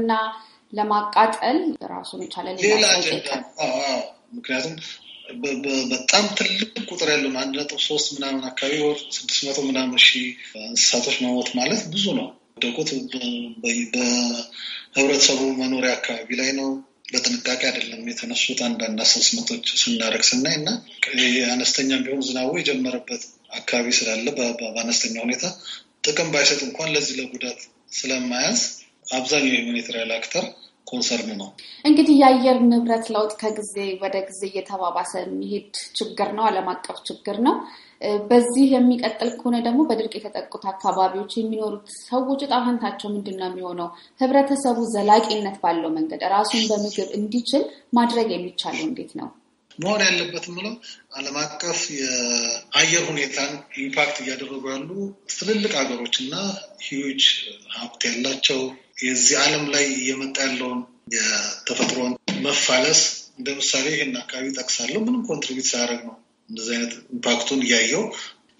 እና ለማቃጠል ራሱን የቻለ ሌላ ምክንያቱም በጣም ትልቅ ቁጥር ያለ አንድ ነጥብ ሶስት ምናምን አካባቢ ወር ስድስት መቶ ምናምን ሺህ እንስሳቶች መሞት ማለት ብዙ ነው። ደቁት በህብረተሰቡ መኖሪያ አካባቢ ላይ ነው። በጥንቃቄ አይደለም የተነሱት። አንዳንድ አሰስመቶች ስናደርግ ስናይ እና አነስተኛ ቢሆን ዝናቡ የጀመረበት አካባቢ ስላለ በአነስተኛ ሁኔታ ጥቅም ባይሰጥ እንኳን ለዚህ ለጉዳት ስለማያዝ አብዛኛው የሁኔትሪያል አክተር ኮንሰርን ነው። እንግዲህ የአየር ንብረት ለውጥ ከጊዜ ወደ ጊዜ እየተባባሰ የሚሄድ ችግር ነው፣ ዓለም አቀፍ ችግር ነው። በዚህ የሚቀጥል ከሆነ ደግሞ በድርቅ የተጠቁት አካባቢዎች የሚኖሩት ሰዎች ዕጣ ፈንታቸው ምንድን ነው የሚሆነው? ህብረተሰቡ ዘላቂነት ባለው መንገድ ራሱን በምግብ እንዲችል ማድረግ የሚቻለው እንዴት ነው? መሆን ያለበት ምለው ዓለም አቀፍ የአየር ሁኔታን ኢምፓክት እያደረጉ ያሉ ትልልቅ ሀገሮች እና ሂዩጅ ሀብት ያላቸው የዚህ ዓለም ላይ እየመጣ ያለውን የተፈጥሮን መፋለስ እንደ ምሳሌ ይህን አካባቢ ጠቅሳለሁ። ምንም ኮንትሪቢት ሳያደርግ ነው እንደዚህ አይነት ኢምፓክቱን እያየው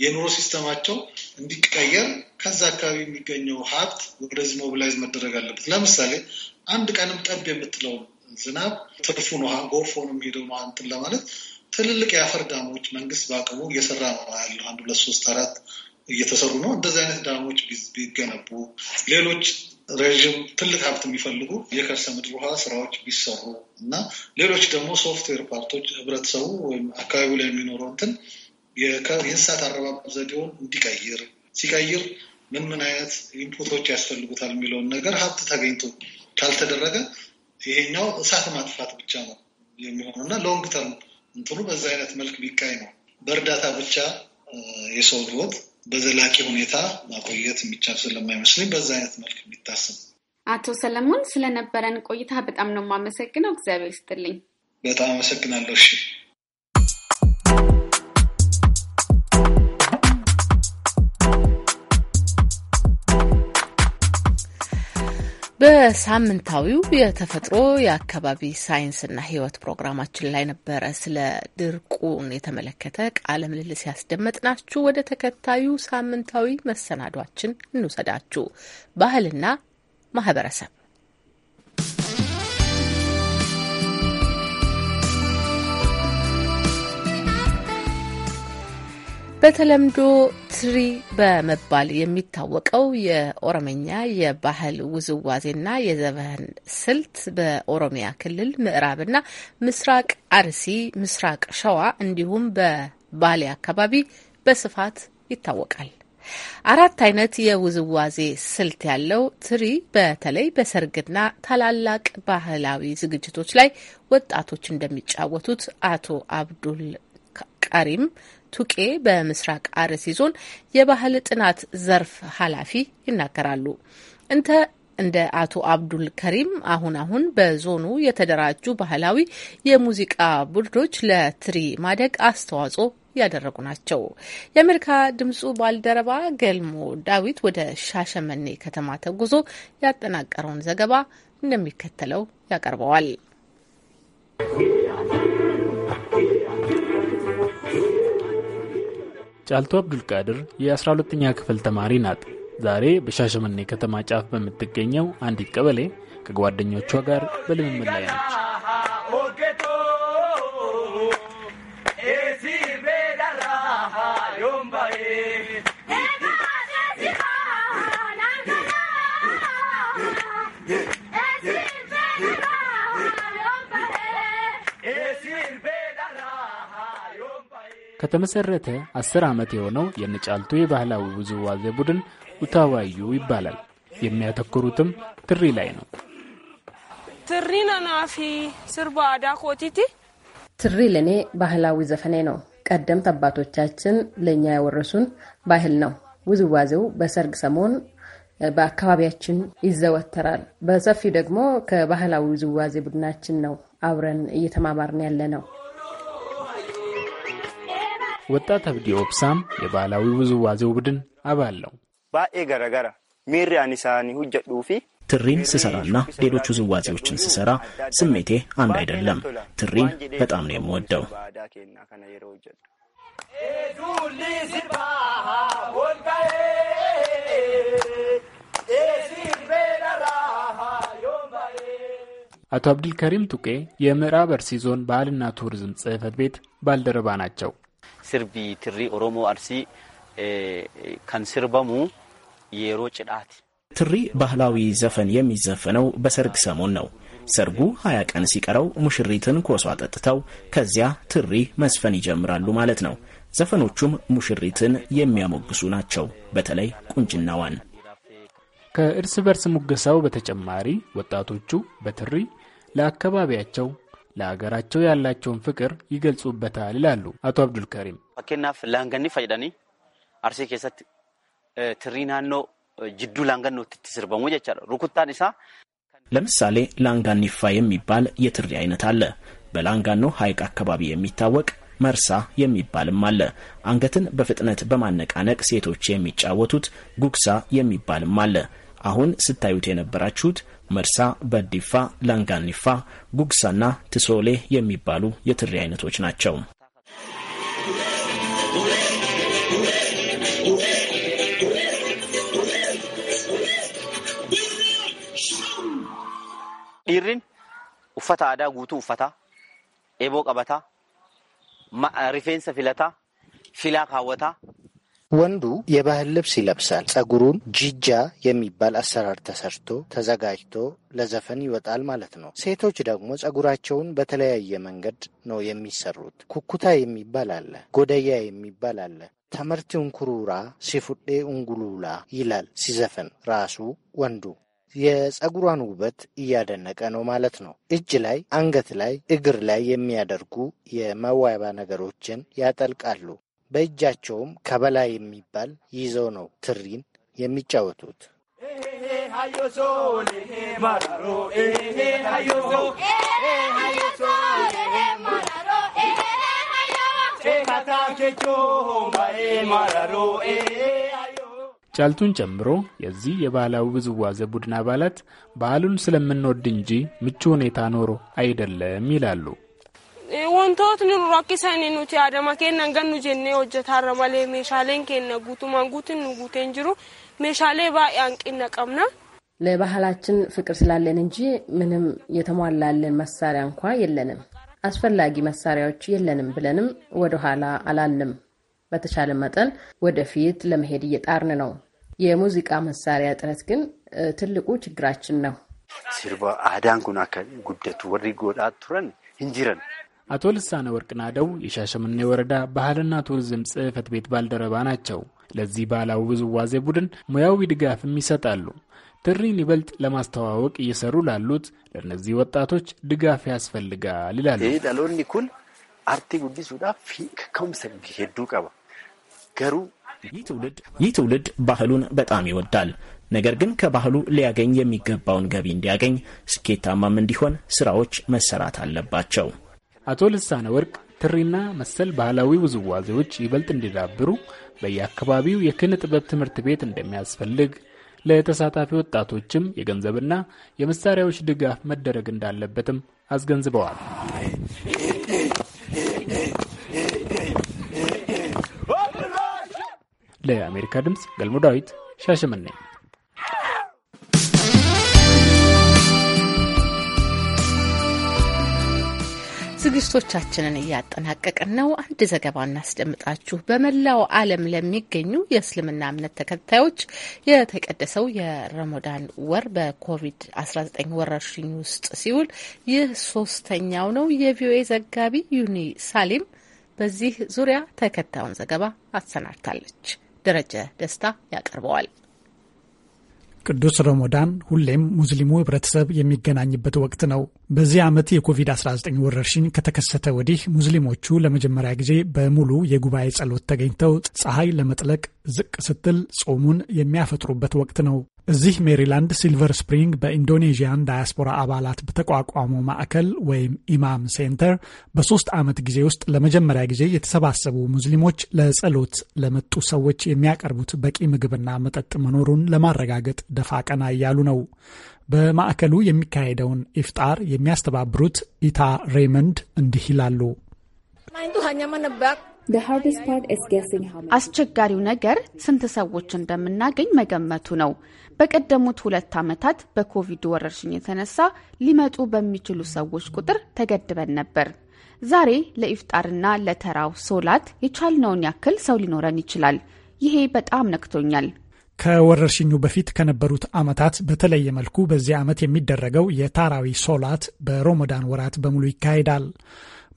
የኑሮ ሲስተማቸው እንዲቀየር ከዛ አካባቢ የሚገኘው ሀብት ወደዚህ ሞቢላይዝ መደረግ አለበት። ለምሳሌ አንድ ቀንም ጠብ የምትለውን ዝናብ ትርፉን ውሃ ጎርፎ ነው የሚሄደው እንትን ለማለት ትልልቅ የአፈር ዳሞች መንግስት በአቅሙ እየሰራ ነው ያለው። አንድ ሁለት ሶስት አራት እየተሰሩ ነው። እንደዚህ አይነት ዳሞች ቢገነቡ፣ ሌሎች ረዥም ትልቅ ሀብት የሚፈልጉ የከርሰ ምድር ውሃ ስራዎች ቢሰሩ እና ሌሎች ደግሞ ሶፍትዌር ፓርቶች ህብረተሰቡ ወይም አካባቢው ላይ የሚኖረው እንትን የእንስሳት አረባብ ዘዴውን እንዲቀይር ሲቀይር ምን ምን አይነት ኢንፑቶች ያስፈልጉታል የሚለውን ነገር ሀብት ተገኝቶ ካልተደረገ ይሄኛው እሳት ማጥፋት ብቻ ነው የሚሆነው እና ሎንግ ተርም እንትኑ በዛ አይነት መልክ ቢካይ ነው በእርዳታ ብቻ የሰው ህይወት በዘላቂ ሁኔታ ማቆየት የሚቻል ስለማይመስለኝ በዛ አይነት መልክ የሚታሰብ። አቶ ሰለሞን ስለነበረን ቆይታ በጣም ነው የማመሰግነው። እግዚአብሔር ይስጥልኝ። በጣም አመሰግናለሁ። እሺ። በሳምንታዊው የተፈጥሮ የአካባቢ ሳይንስና ሕይወት ፕሮግራማችን ላይ ነበረ ስለ ድርቁን የተመለከተ ቃለ ምልልስ ያስደመጥናችሁ። ወደ ተከታዩ ሳምንታዊ መሰናዷችን እንውሰዳችሁ። ባህልና ማህበረሰብ በተለምዶ ትሪ በመባል የሚታወቀው የኦሮመኛ የባህል ውዝዋዜና የዘፈን ስልት በኦሮሚያ ክልል ምዕራብና ምስራቅ አርሲ፣ ምስራቅ ሸዋ እንዲሁም በባሌ አካባቢ በስፋት ይታወቃል። አራት አይነት የውዝዋዜ ስልት ያለው ትሪ በተለይ በሰርግና ታላላቅ ባህላዊ ዝግጅቶች ላይ ወጣቶች እንደሚጫወቱት አቶ አብዱል ቀሪም ቱቄ በምስራቅ አርሲ ዞን የባህል ጥናት ዘርፍ ኃላፊ ይናገራሉ። እንተ እንደ አቶ አብዱል ከሪም አሁን አሁን በዞኑ የተደራጁ ባህላዊ የሙዚቃ ቡድኖች ለትሪ ማደግ አስተዋጽኦ እያደረጉ ናቸው። የአሜሪካ ድምፁ ባልደረባ ገልሞ ዳዊት ወደ ሻሸመኔ ከተማ ተጉዞ ያጠናቀረውን ዘገባ እንደሚከተለው ያቀርበዋል። ጫልቶ አብዱልቃድር የ12ኛ ክፍል ተማሪ ናት። ዛሬ በሻሸመኔ ከተማ ጫፍ በምትገኘው አንዲት ቀበሌ ከጓደኞቿ ጋር በልምምድ ላይ ነች። ከተመሰረተ አስር ዓመት የሆነው የነጫልቱ የባህላዊ ውዝዋዜ ቡድን ኡታዋዩ ይባላል። የሚያተኩሩትም ትሪ ላይ ነው። ትሪ ነናፊ ስርባ አዳ ኮቲቲ ትሪ ለእኔ ባህላዊ ዘፈኔ ነው። ቀደምት አባቶቻችን ለእኛ ያወረሱን ባህል ነው። ውዝዋዜው በሰርግ ሰሞን በአካባቢያችን ይዘወተራል። በሰፊው ደግሞ ከባህላዊ ውዝዋዜ ቡድናችን ነው አብረን እየተማማርን ያለ ነው። ወጣት አብዲ ኦብሳም የባህላዊ ውዝዋዜው ቡድን አባል ነው። ባኤ ገረገረ ሚሪ አኒሳኒ ሁጀዱፊ ትሪን ስሰራና ሌሎች ውዝዋዜዎችን ስሰራ ስሜቴ አንድ አይደለም። ትሪን በጣም ነው የምወደው። አቶ አብዱልከሪም ቱቄ የምዕራብ አርሲ ዞን ባህልና ቱሪዝም ጽህፈት ቤት ባልደረባ ናቸው። sirbi tirri oromoo arsi e, kan sirbamu የሮ ጭዳት ትሪ ባህላዊ ዘፈን የሚዘፈነው በሰርግ ሰሞን ነው። ሰርጉ ሀያ ቀን ሲቀረው ሙሽሪትን ኮሷ ጠጥተው ከዚያ ትሪ መዝፈን ይጀምራሉ ማለት ነው። ዘፈኖቹም ሙሽሪትን የሚያሞግሱ ናቸው። በተለይ ቁንጅናዋን። ከእርስ በርስ ሙገሳው በተጨማሪ ወጣቶቹ በትሪ ለአካባቢያቸው ለሀገራቸው ያላቸውን ፍቅር ይገልጹበታል ይላሉ አቶ አብዱልከሪም። ፈኬናፍ ላንገኒ ፈይዳኒ አርሴ ኬሰት ትሪ ናኖ ጅዱ ላንገኖ ትስርበሙ ጀቻለ ሩኩታን ሳ ለምሳሌ ላንጋኒፋ የሚባል የትሪ አይነት አለ። በላንጋኖ ሐይቅ አካባቢ የሚታወቅ መርሳ የሚባልም አለ። አንገትን በፍጥነት በማነቃነቅ ሴቶች የሚጫወቱት ጉግሳ የሚባልም አለ። አሁን ስታዩት የነበራችሁት መርሳ፣ በዲፋ፣ gugsaanaa tisoolee ትሶሌ የሚባሉ የትሪ አይነቶች ናቸው። dhiirriin uffata aadaa guutuu uffataa eeboo qabataa rifeensa filataa filaa kaawwataa ወንዱ የባህል ልብስ ይለብሳል። ጸጉሩን ጂጃ የሚባል አሰራር ተሰርቶ ተዘጋጅቶ ለዘፈን ይወጣል ማለት ነው። ሴቶች ደግሞ ጸጉራቸውን በተለያየ መንገድ ነው የሚሰሩት። ኩኩታ የሚባል አለ፣ ጎደያ የሚባል አለ። ተመርቲ እንኩሩራ ሲፉዴ እንጉሉላ ይላል ሲዘፍን ራሱ ወንዱ የጸጉሯን ውበት እያደነቀ ነው ማለት ነው። እጅ ላይ፣ አንገት ላይ፣ እግር ላይ የሚያደርጉ የመዋቢያ ነገሮችን ያጠልቃሉ። በእጃቸውም ከበላ የሚባል ይዘው ነው ትሪን የሚጫወቱት። ጫልቱን ጨምሮ የዚህ የባህላዊ ውዝዋዜ ቡድን አባላት ባህሉን ስለምንወድ እንጂ ምቹ ሁኔታ ኖሮ አይደለም ይላሉ። Wantootni rakki isaanii nuti yaadama kennan gannu jennee hojjetarra malee meeshaaleen kenna guutumaan guutin nu guuteen jiru meeshaalee baay'ee hanqina qabna። ለባህላችን ፍቅር ስላለን እንጂ ምንም የተሟላልን መሳሪያ እንኳ የለንም። አስፈላጊ መሳሪያዎች የለንም ብለንም ወደ ኋላ አላልንም። በተቻለ መጠን ወደፊት ለመሄድ እየጣርን ነው። የሙዚቃ መሳሪያ እጥረት ግን ትልቁ ችግራችን ነው። ሲርባ አዳን ኩን ጉደቱ ወሪ ጎዳ ቱረን እንጂረን አቶ ልሳነ ወርቅ ናደው የሻሸመኔ ወረዳ ባህልና ቱሪዝም ጽህፈት ቤት ባልደረባ ናቸው። ለዚህ ባህላዊ ውዝዋዜ ቡድን ሙያዊ ድጋፍም ይሰጣሉ። ትሪን ይበልጥ ለማስተዋወቅ እየሰሩ ላሉት ለእነዚህ ወጣቶች ድጋፍ ያስፈልጋል ይላሉ። ዳሎኒ ኩል አርቲ ጉዲሱዳ ከከምሰ ሄዱ ቀባ ገሩ ይህ ትውልድ ባህሉን በጣም ይወዳል። ነገር ግን ከባህሉ ሊያገኝ የሚገባውን ገቢ እንዲያገኝ ስኬታማም እንዲሆን ስራዎች መሰራት አለባቸው። አቶ ልሳነ ወርቅ ትሪና መሰል ባህላዊ ውዝዋዜዎች ይበልጥ እንዲዳብሩ በየአካባቢው የክን ጥበብ ትምህርት ቤት እንደሚያስፈልግ ለተሳታፊ ወጣቶችም የገንዘብና የመሳሪያዎች ድጋፍ መደረግ እንዳለበትም አስገንዝበዋል። ለአሜሪካ ድምፅ ገልሞ ዳዊት ሻሸመኔ ዝግጅቶቻችንን እያጠናቀቅን ነው። አንድ ዘገባ እናስደምጣችሁ። በመላው ዓለም ለሚገኙ የእስልምና እምነት ተከታዮች የተቀደሰው የረመዳን ወር በኮቪድ-19 ወረርሽኝ ውስጥ ሲውል ይህ ሶስተኛው ነው። የቪኦኤ ዘጋቢ ዩኒ ሳሊም በዚህ ዙሪያ ተከታዩን ዘገባ አሰናድታለች። ደረጀ ደስታ ያቀርበዋል። ቅዱስ ሮሞዳን ሁሌም ሙስሊሙ ህብረተሰብ የሚገናኝበት ወቅት ነው። በዚህ ዓመት የኮቪድ-19 ወረርሽኝ ከተከሰተ ወዲህ ሙስሊሞቹ ለመጀመሪያ ጊዜ በሙሉ የጉባኤ ጸሎት ተገኝተው ፀሐይ ለመጥለቅ ዝቅ ስትል ጾሙን የሚያፈጥሩበት ወቅት ነው። እዚህ ሜሪላንድ ሲልቨር ስፕሪንግ በኢንዶኔዥያን ዳያስፖራ አባላት በተቋቋመው ማዕከል ወይም ኢማም ሴንተር በሶስት ዓመት ጊዜ ውስጥ ለመጀመሪያ ጊዜ የተሰባሰቡ ሙስሊሞች ለጸሎት ለመጡ ሰዎች የሚያቀርቡት በቂ ምግብና መጠጥ መኖሩን ለማረጋገጥ ደፋ ቀና እያሉ ነው። በማዕከሉ የሚካሄደውን ኢፍጣር የሚያስተባብሩት ኢታ ሬይመንድ እንዲህ ይላሉ። አስቸጋሪው ነገር ስንት ሰዎች እንደምናገኝ መገመቱ ነው። በቀደሙት ሁለት ዓመታት በኮቪድ ወረርሽኝ የተነሳ ሊመጡ በሚችሉ ሰዎች ቁጥር ተገድበን ነበር። ዛሬ ለኢፍጣርና ለተራው ሶላት የቻልነውን ያክል ሰው ሊኖረን ይችላል። ይሄ በጣም ነክቶኛል። ከወረርሽኙ በፊት ከነበሩት ዓመታት በተለየ መልኩ በዚህ ዓመት የሚደረገው የታራዊ ሶላት በሮሞዳን ወራት በሙሉ ይካሄዳል።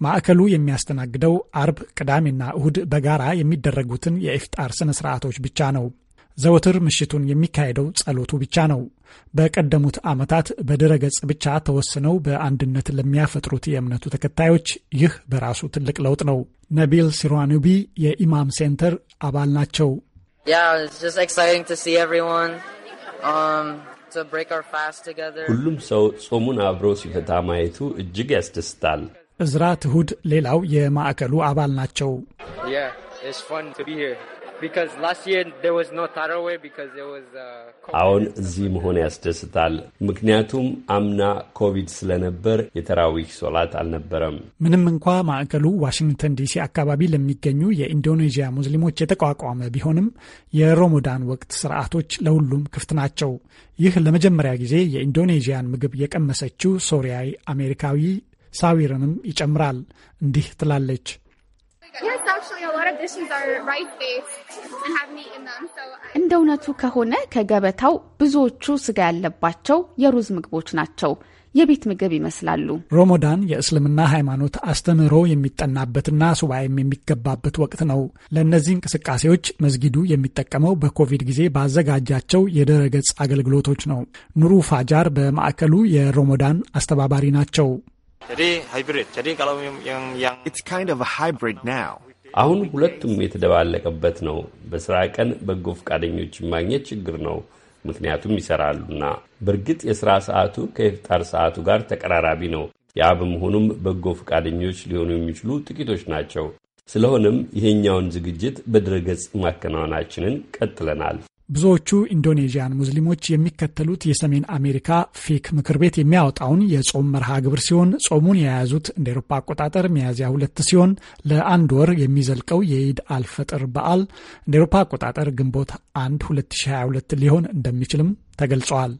ማዕከሉ የሚያስተናግደው አርብ፣ ቅዳሜና እሁድ በጋራ የሚደረጉትን የኢፍጣር ስነ ስርዓቶች ብቻ ነው። ዘወትር ምሽቱን የሚካሄደው ጸሎቱ ብቻ ነው። በቀደሙት ዓመታት በድረገጽ ብቻ ተወስነው በአንድነት ለሚያፈጥሩት የእምነቱ ተከታዮች ይህ በራሱ ትልቅ ለውጥ ነው። ነቢል ሲሯኑቢ የኢማም ሴንተር አባል ናቸው። um, ሁሉም ሰው ጾሙን አብሮ ሲፈታ ማየቱ እጅግ ያስደስታል። እዝራ ትሁድ ሌላው የማዕከሉ አባል ናቸው። Uh, አሁን እዚህ መሆን ያስደስታል። ምክንያቱም አምና ኮቪድ ስለነበር የተራዊህ ሶላት አልነበረም። ምንም እንኳ ማዕከሉ ዋሽንግተን ዲሲ አካባቢ ለሚገኙ የኢንዶኔዥያ ሙስሊሞች የተቋቋመ ቢሆንም የሮሞዳን ወቅት ስርዓቶች ለሁሉም ክፍት ናቸው። ይህ ለመጀመሪያ ጊዜ የኢንዶኔዥያን ምግብ የቀመሰችው ሶሪያዊ አሜሪካዊ ሳዊርንም ይጨምራል። እንዲህ ትላለች እንደ እውነቱ ከሆነ ከገበታው ብዙዎቹ ስጋ ያለባቸው የሩዝ ምግቦች ናቸው። የቤት ምግብ ይመስላሉ። ሮሞዳን የእስልምና ሃይማኖት አስተምህሮ የሚጠናበትና ሱባኤም የሚገባበት ወቅት ነው። ለእነዚህ እንቅስቃሴዎች መስጊዱ የሚጠቀመው በኮቪድ ጊዜ ባዘጋጃቸው የድረገጽ አገልግሎቶች ነው። ኑሩ ፋጃር በማዕከሉ የሮሞዳን አስተባባሪ ናቸው። It's kind of a hybrid now. አሁን ሁለቱም የተደባለቀበት ነው። በስራ ቀን በጎ ፈቃደኞች ማግኘት ችግር ነው፣ ምክንያቱም ይሰራሉና። በእርግጥ የስራ ሰዓቱ ከኢፍጣር ሰዓቱ ጋር ተቀራራቢ ነው። ያ በመሆኑም በጎ ፈቃደኞች ሊሆኑ የሚችሉ ጥቂቶች ናቸው። ስለሆነም ይሄኛውን ዝግጅት በድረገጽ ማከናወናችንን ቀጥለናል። ብዙዎቹ ኢንዶኔዥያን ሙስሊሞች የሚከተሉት የሰሜን አሜሪካ ፊክ ምክር ቤት የሚያወጣውን የጾም መርሃ ግብር ሲሆን ጾሙን የያዙት እንደ ኤሮፓ አቆጣጠር ሚያዝያ ሁለት ሲሆን ለአንድ ወር የሚዘልቀው የኢድ አልፈጥር በዓል እንደ ኤሮፓ አቆጣጠር ግንቦት አንድ 2022 ሊሆን እንደሚችልም ተገልጸዋል።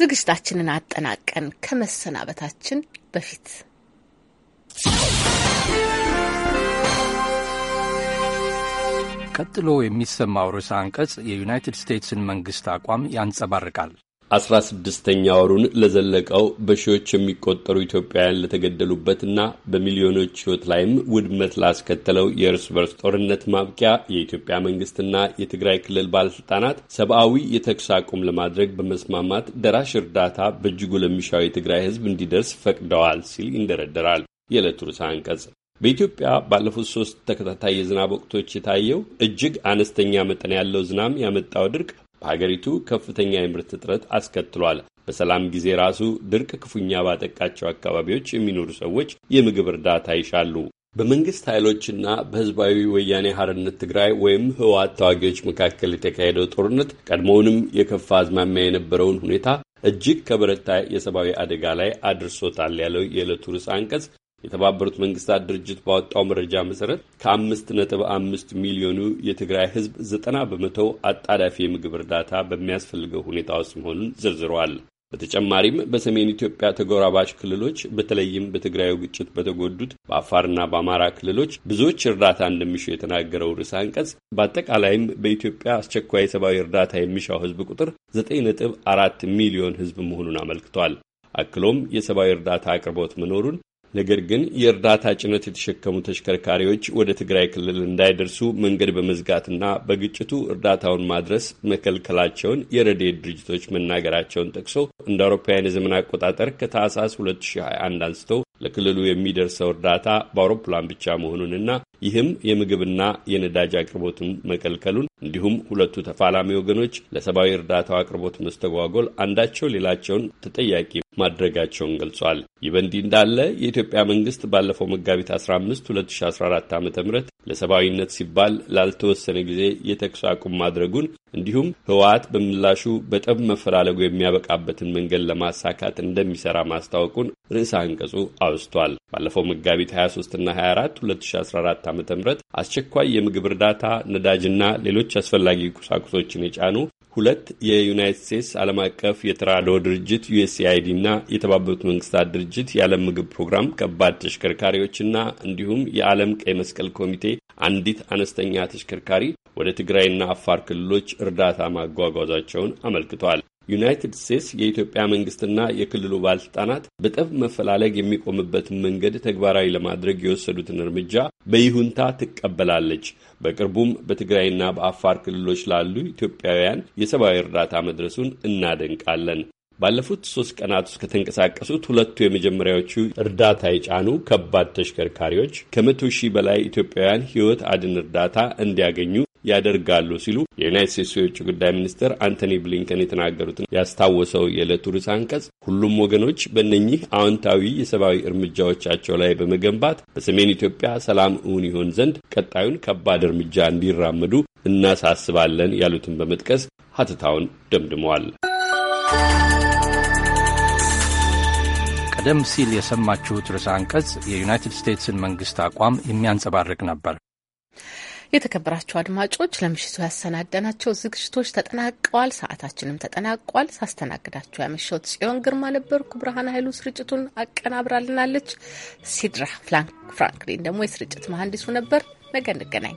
ዝግጅታችንን አጠናቀን ከመሰናበታችን በፊት ቀጥሎ የሚሰማው ርዕሰ አንቀጽ የዩናይትድ ስቴትስን መንግሥት አቋም ያንጸባርቃል። አስራ ስድስተኛ ወሩን ለዘለቀው በሺዎች የሚቆጠሩ ኢትዮጵያውያን ለተገደሉበትና በሚሊዮኖች ሕይወት ላይም ውድመት ላስከተለው የእርስ በርስ ጦርነት ማብቂያ የኢትዮጵያ መንግስትና የትግራይ ክልል ባለስልጣናት ሰብአዊ የተኩስ አቁም ለማድረግ በመስማማት ደራሽ እርዳታ በእጅጉ ለሚሻው የትግራይ ሕዝብ እንዲደርስ ፈቅደዋል ሲል ይንደረደራል የዕለቱ ርዕሰ አንቀጽ። በኢትዮጵያ ባለፉት ሶስት ተከታታይ የዝናብ ወቅቶች የታየው እጅግ አነስተኛ መጠን ያለው ዝናብ ያመጣው ድርቅ በሀገሪቱ ከፍተኛ የምርት እጥረት አስከትሏል። በሰላም ጊዜ ራሱ ድርቅ ክፉኛ ባጠቃቸው አካባቢዎች የሚኖሩ ሰዎች የምግብ እርዳታ ይሻሉ። በመንግስት ኃይሎችና በህዝባዊ ወያኔ ሀርነት ትግራይ ወይም ህወሓት ተዋጊዎች መካከል የተካሄደው ጦርነት ቀድሞውንም የከፋ አዝማሚያ የነበረውን ሁኔታ እጅግ ከበረታ የሰብአዊ አደጋ ላይ አድርሶታል ያለው የዕለቱ ርዕሰ አንቀጽ የተባበሩት መንግስታት ድርጅት ባወጣው መረጃ መሰረት ከአምስት ነጥብ አምስት ሚሊዮኑ የትግራይ ህዝብ ዘጠና በመቶ አጣዳፊ የምግብ እርዳታ በሚያስፈልገው ሁኔታ ውስጥ መሆኑን ዘርዝረዋል። በተጨማሪም በሰሜን ኢትዮጵያ ተጎራባች ክልሎች በተለይም በትግራዩ ግጭት በተጎዱት በአፋርና በአማራ ክልሎች ብዙዎች እርዳታ እንደሚሹ የተናገረው ርዕሰ አንቀጽ በአጠቃላይም በኢትዮጵያ አስቸኳይ ሰብአዊ እርዳታ የሚሻው ህዝብ ቁጥር ዘጠኝ ነጥብ አራት ሚሊዮን ህዝብ መሆኑን አመልክቷል። አክሎም የሰብአዊ እርዳታ አቅርቦት መኖሩን ነገር ግን የእርዳታ ጭነት የተሸከሙ ተሽከርካሪዎች ወደ ትግራይ ክልል እንዳይደርሱ መንገድ በመዝጋትና በግጭቱ እርዳታውን ማድረስ መከልከላቸውን የረድኤት ድርጅቶች መናገራቸውን ጠቅሶ እንደ አውሮፓውያን የዘመን አቆጣጠር ከታህሳስ 2021 አንስቶ ለክልሉ የሚደርሰው እርዳታ በአውሮፕላን ብቻ መሆኑንና ይህም የምግብና የነዳጅ አቅርቦትን መከልከሉን እንዲሁም ሁለቱ ተፋላሚ ወገኖች ለሰብአዊ እርዳታው አቅርቦት መስተጓጎል አንዳቸው ሌላቸውን ተጠያቂ ማድረጋቸውን ገልጿል። ይህ በእንዲህ እንዳለ የኢትዮጵያ መንግስት ባለፈው መጋቢት 15 2014 ዓ ም ለሰብአዊነት ሲባል ላልተወሰነ ጊዜ የተኩስ አቁም ማድረጉን እንዲሁም ህወሓት በምላሹ በጠብ መፈላለጉ የሚያበቃበትን መንገድ ለማሳካት እንደሚሰራ ማስታወቁን ርዕሰ አንቀጹ አውስቷል። ባለፈው መጋቢት 23ና 24 2014 ዓ ም አስቸኳይ የምግብ እርዳታ ነዳጅና ሌሎች ሌሎች አስፈላጊ ቁሳቁሶችን የጫኑ ሁለት የዩናይት ስቴትስ ዓለም አቀፍ የተራድኦ ድርጅት ዩኤስኤአይዲ እና የተባበሩት መንግስታት ድርጅት የዓለም ምግብ ፕሮግራም ከባድ ተሽከርካሪዎችና እንዲሁም የዓለም ቀይ መስቀል ኮሚቴ አንዲት አነስተኛ ተሽከርካሪ ወደ ትግራይና አፋር ክልሎች እርዳታ ማጓጓዛቸውን አመልክቷል። ዩናይትድ ስቴትስ የኢትዮጵያ መንግስትና የክልሉ ባለስልጣናት በጠብ መፈላለግ የሚቆምበትን መንገድ ተግባራዊ ለማድረግ የወሰዱትን እርምጃ በይሁንታ ትቀበላለች። በቅርቡም በትግራይና በአፋር ክልሎች ላሉ ኢትዮጵያውያን የሰብአዊ እርዳታ መድረሱን እናደንቃለን። ባለፉት ሶስት ቀናት ውስጥ ከተንቀሳቀሱት ሁለቱ የመጀመሪያዎቹ እርዳታ የጫኑ ከባድ ተሽከርካሪዎች ከመቶ ሺህ በላይ ኢትዮጵያውያን ሕይወት አድን እርዳታ እንዲያገኙ ያደርጋሉ ሲሉ የዩናይት ስቴትስ የውጭ ጉዳይ ሚኒስትር አንቶኒ ብሊንከን የተናገሩትን ያስታወሰው የዕለቱ ርዕስ አንቀጽ ሁሉም ወገኖች በእነኚህ አዎንታዊ የሰብአዊ እርምጃዎቻቸው ላይ በመገንባት በሰሜን ኢትዮጵያ ሰላም እውን ይሆን ዘንድ ቀጣዩን ከባድ እርምጃ እንዲራመዱ እናሳስባለን ያሉትን በመጥቀስ ሀተታውን ደምድመዋል። ቀደም ሲል የሰማችሁት ርዕሰ አንቀጽ የዩናይትድ ስቴትስን መንግስት አቋም የሚያንጸባርቅ ነበር። የተከበራችሁ አድማጮች ለምሽቱ ያሰናደናቸው ዝግጅቶች ተጠናቀዋል። ሰዓታችንም ተጠናቋል። ሳስተናግዳችሁ ያመሸው ጽዮን ግርማ ነበርኩ። ብርሃን ኃይሉ ስርጭቱን አቀናብራልናለች። ሲድራ ፍራንክሊን ደግሞ የስርጭት መሀንዲሱ ነበር። ነገ እንገናኝ።